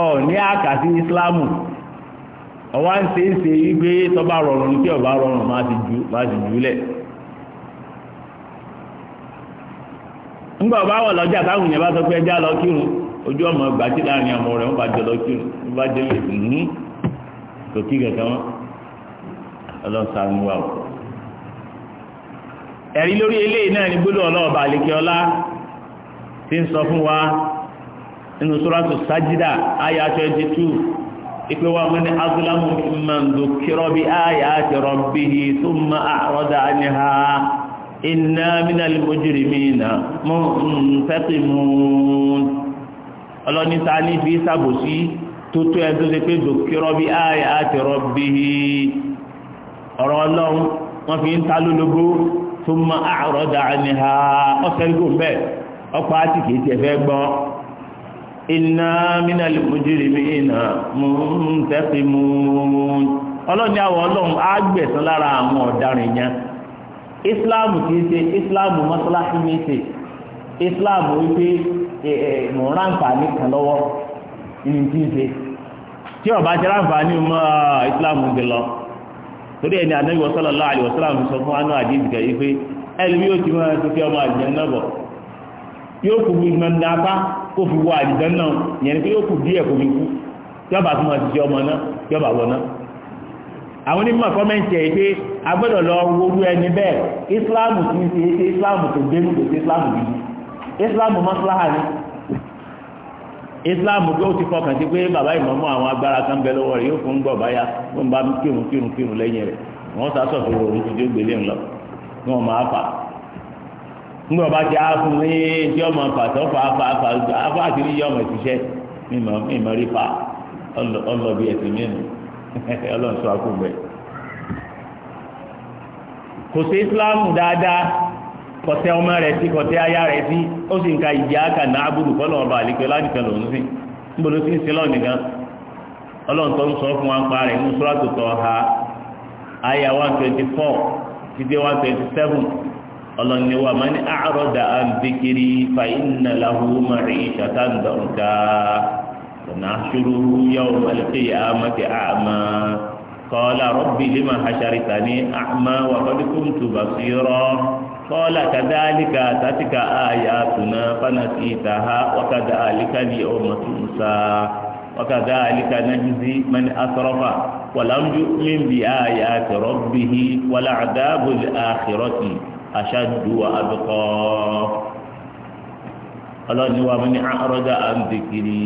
ọ ní àkàtí Islamu. ọwá ń ṣe ń ṣe rọrùn ní kí ọba rọrùn ma ti jù ńgbà ọba lọ́jà táwọn èèyàn bá sọ pé ẹjá lọ ojú ọmọ ọgbà tí láàrin ọmọ rẹ̀ wọ́n bá lọ kírun bá kò kí wọn ọlọ́sàn wà ó ẹ̀rí lórí eléyìí náà wa nínú sọ́rọ̀tù sájídà ayà 22 ipé wà mọ́ ní azulamu mọ̀ndù kírọ bí ayà ti rọ̀bí tó ma àrọ́dà ní ha iná mínàlì mojìrìmí na mọ́ ń tẹ́tì mún ọlọ́nita ní bí sàbòsí tó tó ẹjọ́ sí pé dòkírọ bí ayà ti rọ̀bí ọ̀rọ̀ ọlọ́run wọ́n fi ń ta lólobó tó ma àrọ́dà ní ha ọ̀sẹ̀ inna minal mujrimina muntaqimun ọlọ́ni àwọ̀ ọlọ́run á gbẹ̀san lára àwọn ọ̀daràn yẹn islam kì ṣe islam mọ́sálásí ní ṣe islam wípé kan lọ́wọ́ ní ti ṣe tí ó bá ti mọ́ islam gbé lọ torí ẹni ànábì sallallahu alaihi wasallam sọ fún anú àdìsí yóò ti máa ti fi ọmọ àjẹ́ náà bọ̀ yóò kú kó fi wọ àdìdán náà ìyẹn ni pé yóò kù díẹ̀ kò fi kú tí ọba tó máa ti ṣe ọmọ náà tí ọba wọ náà àwọn onímọ̀ kọ́mẹ́ǹtì ẹ̀ pé a gbọ́dọ̀ lọ wọlú ẹni bẹ́ẹ̀ islam ti ń ṣe ṣe islam tó dénú kò sí islam gidi islam mọ́sálàhà ni islam pé ó ti fọkàn sí pé bàbá ìmọ̀mọ́ àwọn agbára kan bẹ lọ́wọ́ rẹ̀ yóò fún gbọ̀ báyà wọ́n bá kírun kírun kírun lẹ́yìn rẹ̀ wọ́n sá sọ̀tò òun ti dé gbélé ńlọ wọ́n máa fà á nígbà ọba ti áfún ní tí ọmọ afọ fà fà fà fà ọmọ ìṣiṣẹ́ mímọ mímọ rí fà ọlọ́bí ẹ̀sìn mímu ọlọ́run sọ àkùnbẹ̀. kò sí ìsìláàmù dáadáa kọtẹ ọmọ rẹ sí kọtẹ aya rẹ ó aka kọ́ lọ́wọ́ bá níbo ti ń sin nìkan one twenty four títí one twenty seven. ọlọ́ni wa máa ní àárọ̀dà àǹdékiri fàyínàláhù mari ṣàtàǹdọ̀ǹkà ọ̀nà aṣọ́rù yàwó malẹ̀kẹ́ yà á mọ̀kẹ́ àmà kọ́lá rọ́bì lima haṣarita ní àmà wà kọ́dí kó ń tuba sí rọ́ kọ́lá kàdáàlíkà tàtìkà àyà tùnà fánàtì ìtàhà wákàdà àlíkà ní ọmọ tùnsà wákàdà àlíkà nàjísí mani asọ́rọ́fà wàlámjú mímbi àyà tẹ̀rọ̀bìhì wàlá àdáàbò aṣáájú wa abẹ́kọ́ ọlọ́ni mi ní àrọ́jà à ń dèkìrì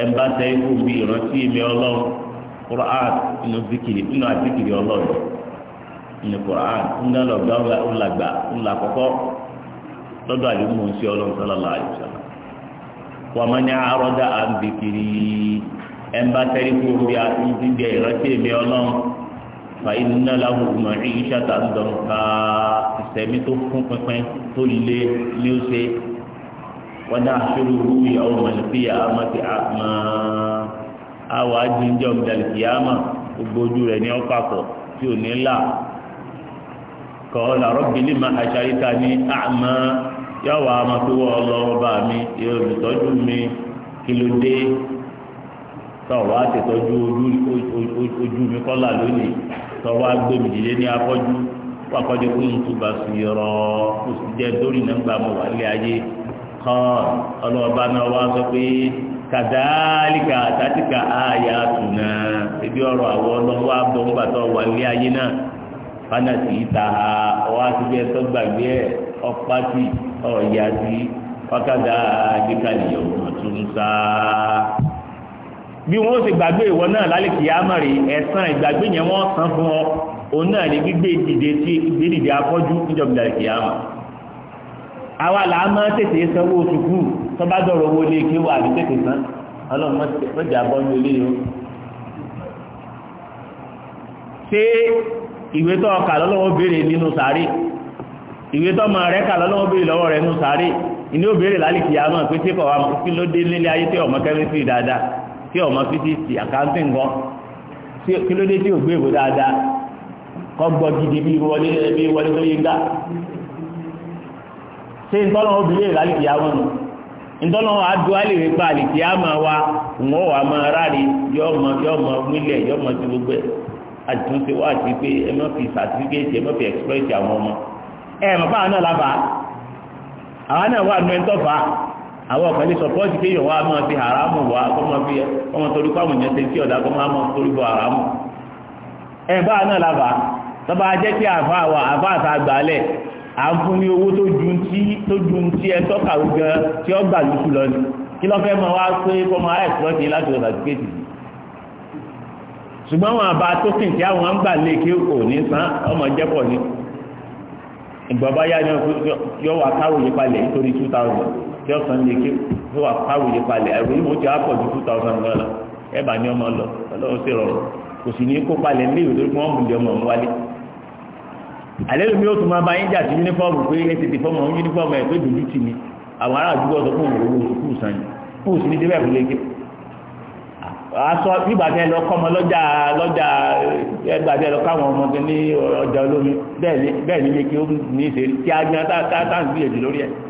ẹ̀ ń bá bí ìrántí mi ọlọ́run Qur'an inú inú ọlọ́run inú Qur'an ńlá lọ́gbà ńlá ńlá kọ́kọ́ lọ́dọ̀ àdéhùn sí ọlọ́run wa mi ní àrọ́jà à ń dèkìrì fàyínà làwùmọ̀ ìṣà tàǹdọ̀ǹkà ìsẹ̀mí tó fún pínpín tó lé ní ó ṣe wọ́n dá aṣọ́rò wúwo ìyàwó mọ̀lẹ́fíà àmọ́tí àmọ́ àwọn ajínigbẹ́ ọ̀gbìdàlìkìyàmọ̀ gbogbo ojú rẹ̀ ní ọ̀pàpọ̀ tí ò ní là kọ́ọ̀lá rọ́bìlì máa aṣáríta ní àmọ́ yàwó amọ̀tòwọ́ ọlọ́ọ̀bá mi olùtọ́jú mi kí ló dé tọ̀wọ́ àtẹ̀tọ́jú ojú mi kọ́là lónìí tọwọ́ agbẹ́mìdìdé ní afọ́jú wàkọ́jọ kó ń tuba sí yọrọ kó sì jẹ́ dórí náà gba mọ̀ wálé ayé kọ́ ọlọ́ọ̀bá náà wá sọ pé kàdáálìkà àtàtìkà ààyè àtùnà ebi ọ̀rọ̀ àwọn ọlọ́wọ́ abọ́ngbàtọ̀ wálé ayé náà fana sì í ta ha ọwọ́ àti bí gbàgbé ẹ̀ ọ̀pá sí ọ̀kadà àgbékalẹ̀ ọ̀tún sáà bí wọ́n ṣe gbàgbé ìwọ náà lálẹ́ kìí àmàrí ẹ̀san ìgbàgbé yẹn wọ́n san fún ọ òun náà ní gbígbé dìde tí gbé dìde afọ́jú níjọba ìdàlẹ̀ kìí àmà àwa là á máa tètè sanwó sùkú tó bá dọ̀rọ̀ owó lé kí wà ní tètè san ọlọ́run mọ́jà bọ́ ní olé yìí ṣé ìwé tó ọkà lọ́lọ́wọ́ béèrè nínú sàárè ìwé tó máa rẹ́kà lọ́lọ́wọ́ béèrè lọ́wọ́ rẹ̀ nínú sàárè ìní ò béèrè lálẹ́ kìí pé tí kò wá kí ló dé nílé ayé tí ọmọ kẹ́mísírì dáadáa tí ọmọ fífíìsì àkáńtì nǹkan kí ló dé tí ò gbé ìwò dáadáa kọ́ gbọ́ gidi bí wọlé bí wọlé tó yé gbà ṣé ntọ́nà obìnrin ìlàlẹ̀ ìyàwó nù ntọ́nà adúlẹ̀ rẹ̀ gba àlìkí àmà wa wọn wà máa ráre yọ ọmọ yọ ọmọ wílẹ̀ yọ ọmọ ti gbogbo ẹ̀ àtúnṣe wá sí pé ẹ má fi sàtífíkẹ́tì ẹ má fi ẹ̀kspẹ́tì àwọn ọmọ ẹ̀ mọ̀ fáwọn náà lábàá àwọn náà wà nù ẹ̀ ń tọ́fà àwọn ọ̀kan ní sọpọ́ọ̀tì kéèyàn wá máa fi haramu wá kọ́ máa fi ọmọ torí pàmò yẹn ṣe tí ọ̀dà kọ́ máa mọ̀ torí bọ haramu ẹ̀ bá náà lábà tọ́ba jẹ́ kí àfa àwa àfa àta gbàálẹ̀ à ń fún ní owó tó ju ti tó ju ti ẹ tọ́ka gan tí ó gbà lóṣù lọ ni kí lọ́ fẹ́ máa wá pé kọ́ máa ẹ̀sìlọ́ọ̀tì láti ọ̀dà tíkẹ́tì ṣùgbọ́n àwọn àbá tókìn tí àwọn ń gbà lè kí ò ní san ọmọ jẹ́pọ̀ ni yọ wà káròyìn palẹ̀ nítorí 2000 tí ọ̀sán lè ké tó wà káwìlì palẹ̀ ẹ̀rọ yìí mo jẹ́ àpọ̀ ju two thousand naira ẹ̀ bá ní ọmọ lọ ọlọ́run sì rọrùn kò sì ní kó palẹ̀ ní ìwé torí wọ́n mú ìdí ọmọ wálé alẹ́ lómi ó tún máa bá yín jà sí yúnífọ́ọ̀mù pé ẹ ti ti fọ́ọ̀mù ọ̀hún yúnífọ́ọ̀mù ẹ̀ pé dùdú ti ni àwọn ará àdúgbò sọ fún òwò òkú sàn ni fún òsì ní débẹ̀ fún léke aṣọ nígbà ni léke ó ní ìṣe tí a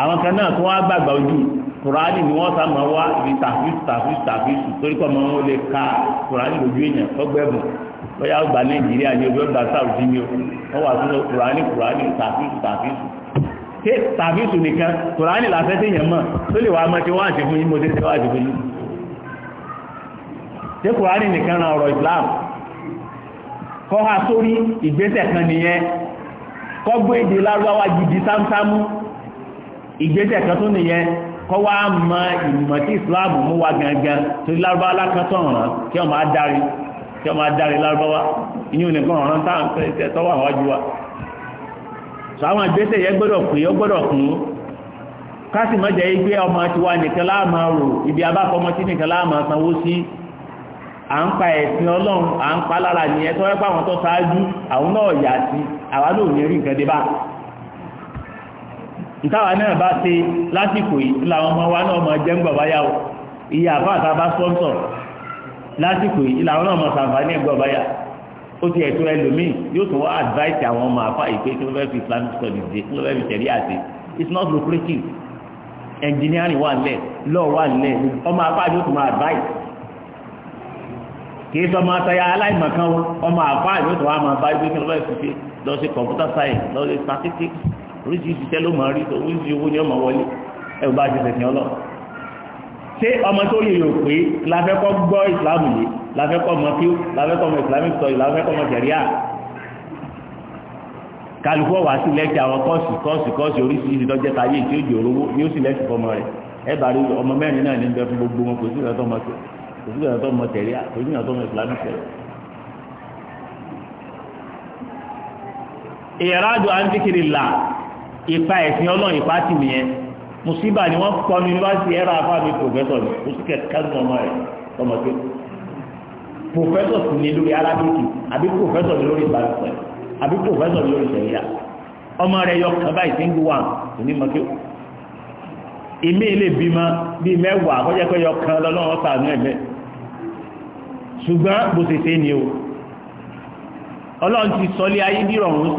àwọn kan náà tó wá gbàgbà ojú kùránì ni sá máa wá ibi tàfíìsù tàfíìsù tàfíìsù torí pé ọmọ wọn lè ka kùránì lójú èèyàn tọ́gbẹ́bùn bóyá ó nàìjíríà ní ojú ọgbà sáwùdí ni ó wọ́n wà sínú kùránì kùránì tàfíìsù tàfíìsù ṣé tàfíìsù nìkan kùránì èèyàn mọ̀ tó lè wá àti fún yín mo wá àti fún yín ṣé kùránì ìgbésẹ̀ kan tó nìyẹn kọ́ wá mọ ìmọ̀ tí islam mú wa gangan tó lárúbáwá lákan tó ọ̀ràn kí ọmọ adarí kí ọmọ adarí lárúbáwá ìyún nìkan ọ̀ràn táwọn pẹ̀lẹ́ tọ́wọ́ àwọn ajú wa sọ àwọn ìgbésẹ̀ yẹn gbọ́dọ̀ pé ó gbọ́dọ̀ kún kásì má jẹ́ gbé ọmọ tiwa nìkan láàmà rò ibi abáfọ́ ọmọ tí nìkan láàmà sanwó sí à ń pa ẹ̀sìn ọlọ́run à ń pa lára nìyẹn tọ́wọ́ pé tó ṣáájú àwọn náà yà sí àwa náà ò ìtawà náà bá ṣe lásìkò yìí làwọn ọmọ wa náà mọ jẹ́ ń gbọ̀ báyà o iye àbá àtà bá sponsor lásìkò yìí làwọn náà mọ sàǹfààní ẹ̀gbọ́ báyà ó ti ẹ̀tọ́ ẹlòmíì yóò tún wá advice àwọn ọmọ àfa ìpè kí ló fẹ́ fi Islamic studies dé kí ló fẹ́ fi tẹ̀lé àti it's not lucrative engineering wà nílẹ̀ law wà nílẹ̀ ọmọ àfa yóò tún máa advice kì í sọ ọmọ àtàyà aláìmọ̀kan ọmọ àfa yóò tún wá máa bá ibi kí ló fẹ́ fi ṣe lọ sí computer science lọ sí statistics oríṣiríṣi tẹ́ ló máa rí tó oríṣiríṣi owó ní ọmọ wọlé ẹ̀rù bá ti tẹ̀sìn ọlọ́ ṣé ọmọ tó yẹ yóò pé láfẹ́kọ́ gbọ́ ìsìlámù yìí láfẹ́kọ́ ọmọ kí láfẹ́kọ́ ọmọ islamic story láfẹ́kọ́ ọmọ jẹ̀ríà kálukú ọ̀wá sí lẹ́kì àwọn kọ́ọ̀sì kọ́ọ̀sì kọ́ọ̀sì oríṣiríṣi tó jẹ́ tayé tí ó jẹ́ òrówó ni ó sì lẹ́kì fọmọ rẹ̀ ẹ bá rí ọmọ mẹ́rin náà ní bẹ́ẹ̀ fún gbogbo wọn kò sí ìrọ̀tọ́ ọmọ kò sí ìrọ̀tọ́ ọmọ jẹ̀ríà kò sí ìrọ̀tọ́ ọmọ islamic story ìyàrá àjọ àǹtíkiri là ipa ẹ̀sìn ọlọ́run ipa tì mí yẹn mùsíbà ni wọ́n kọ́ ní yunifásitì ẹ̀rọ afáàmì pòfẹ́sọ̀ ni kò sí kẹ́kẹ́ ní ọmọ rẹ̀ ọmọ tó pòfẹ́sọ̀ sì ni lórí arábíkì àbí pòfẹ́sọ̀ ni lórí ìbánisọ̀ àbí pòfẹ́sọ̀ ni lórí ìṣẹ̀yà ọmọ rẹ̀ yọ kan báyìí sí ń gbé wà ní mọ́tò ìmí ilé bímọ bíi mẹ́wàá kọjá pé yọ kan lọ́lọ́run ọ̀sà ní ẹ̀mẹ́ ṣùgbọ́n bó ṣe ṣe ni o ọlọ́run ti sọ lé ayé bí ìrọ̀rùn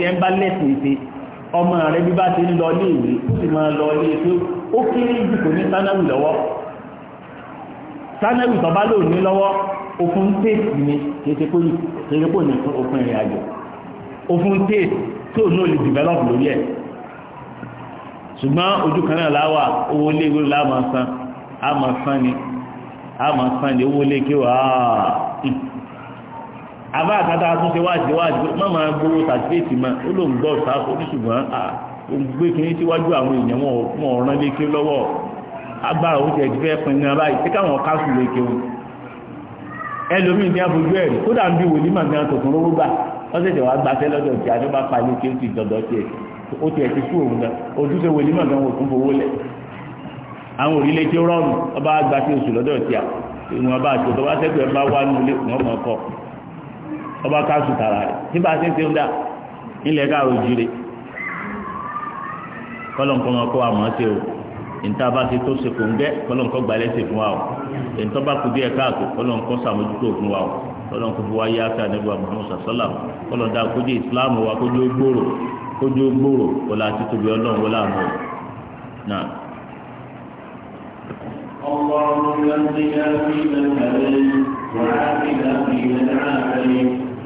ọmọ rẹ̀ bí bá ti ń lọ ilé ìwé ó sì máa lọ ilé pé ó kéré jù kò ní sanawi lọ́wọ́ sanawi tó bá lòun ní lọ́wọ́ òfun téèkì ni kéde kò ní fún òfin ìrìn àjò òfun téèkì tó ní olè develop lórí ẹ̀ ṣùgbọ́n ojú kan náà láwà owó ilé ìwé láàmà san ni àmà san ni owó àbá àtàtà àtúnṣe wáàdì wáàdì pé má máa gbowó sàtìfẹ́ẹ̀tì mọ́ ó lóun gbọ́ ṣáfù ní ṣùgbọ́n òun gbé kínní síwájú àwọn èèyàn wọn wọn ọ̀ràn lé ké lọ́wọ́ agbára òun ti ẹ̀dífẹ́ pin ní abáyé tí káwọn káṣù lè kéwọn ẹlòmíì ní abojú ẹ̀rí kódà ń bí wòlí màá ní àtòkùn rówó gbà wọ́n ṣẹ̀ṣẹ̀ wá gbàtẹ́ lọ́dọ̀ tí adó bá palẹ̀ kí ó ti dọ̀dọ̀ tiẹ̀ ó tiẹ̀ ti kú òun náà ojúṣe wòlí màá náà wò àwọn òrìlẹ̀ tí rọrùn ọba gbàtẹ́ oṣù lọ́dọ̀ tí a ìwọ̀n bá àti ọ̀tọ̀ wá sẹ́kù bá wà nílé wọn mọ̀ ọkọ̀ ọba káṣù tààrà rẹ̀ nígbà tí ń ṣe ń dà ilẹ̀ káàró jíire kọ́lọ̀nkọ́ wọn o nta bá ti tó ṣe kò ń gẹ́ kọ́lọ̀nkọ́ gba fún wa o èntọ́ bá kú díẹ̀ káàtó kọ́lọ̀nkọ́ sàmójútó fún wa o kọ́lọ̀nkọ́ fún wa yá sí àdébùwà Muhammad sallam kọ́lọ̀dá kójú ìsìláàmù wa kójú gbòòrò kójú gbòòrò wọlé àti tóbi ọlọ́run wọlé àmọ́ náà. اللهم اهدنا فيمن هديت وعافنا فيمن عافيت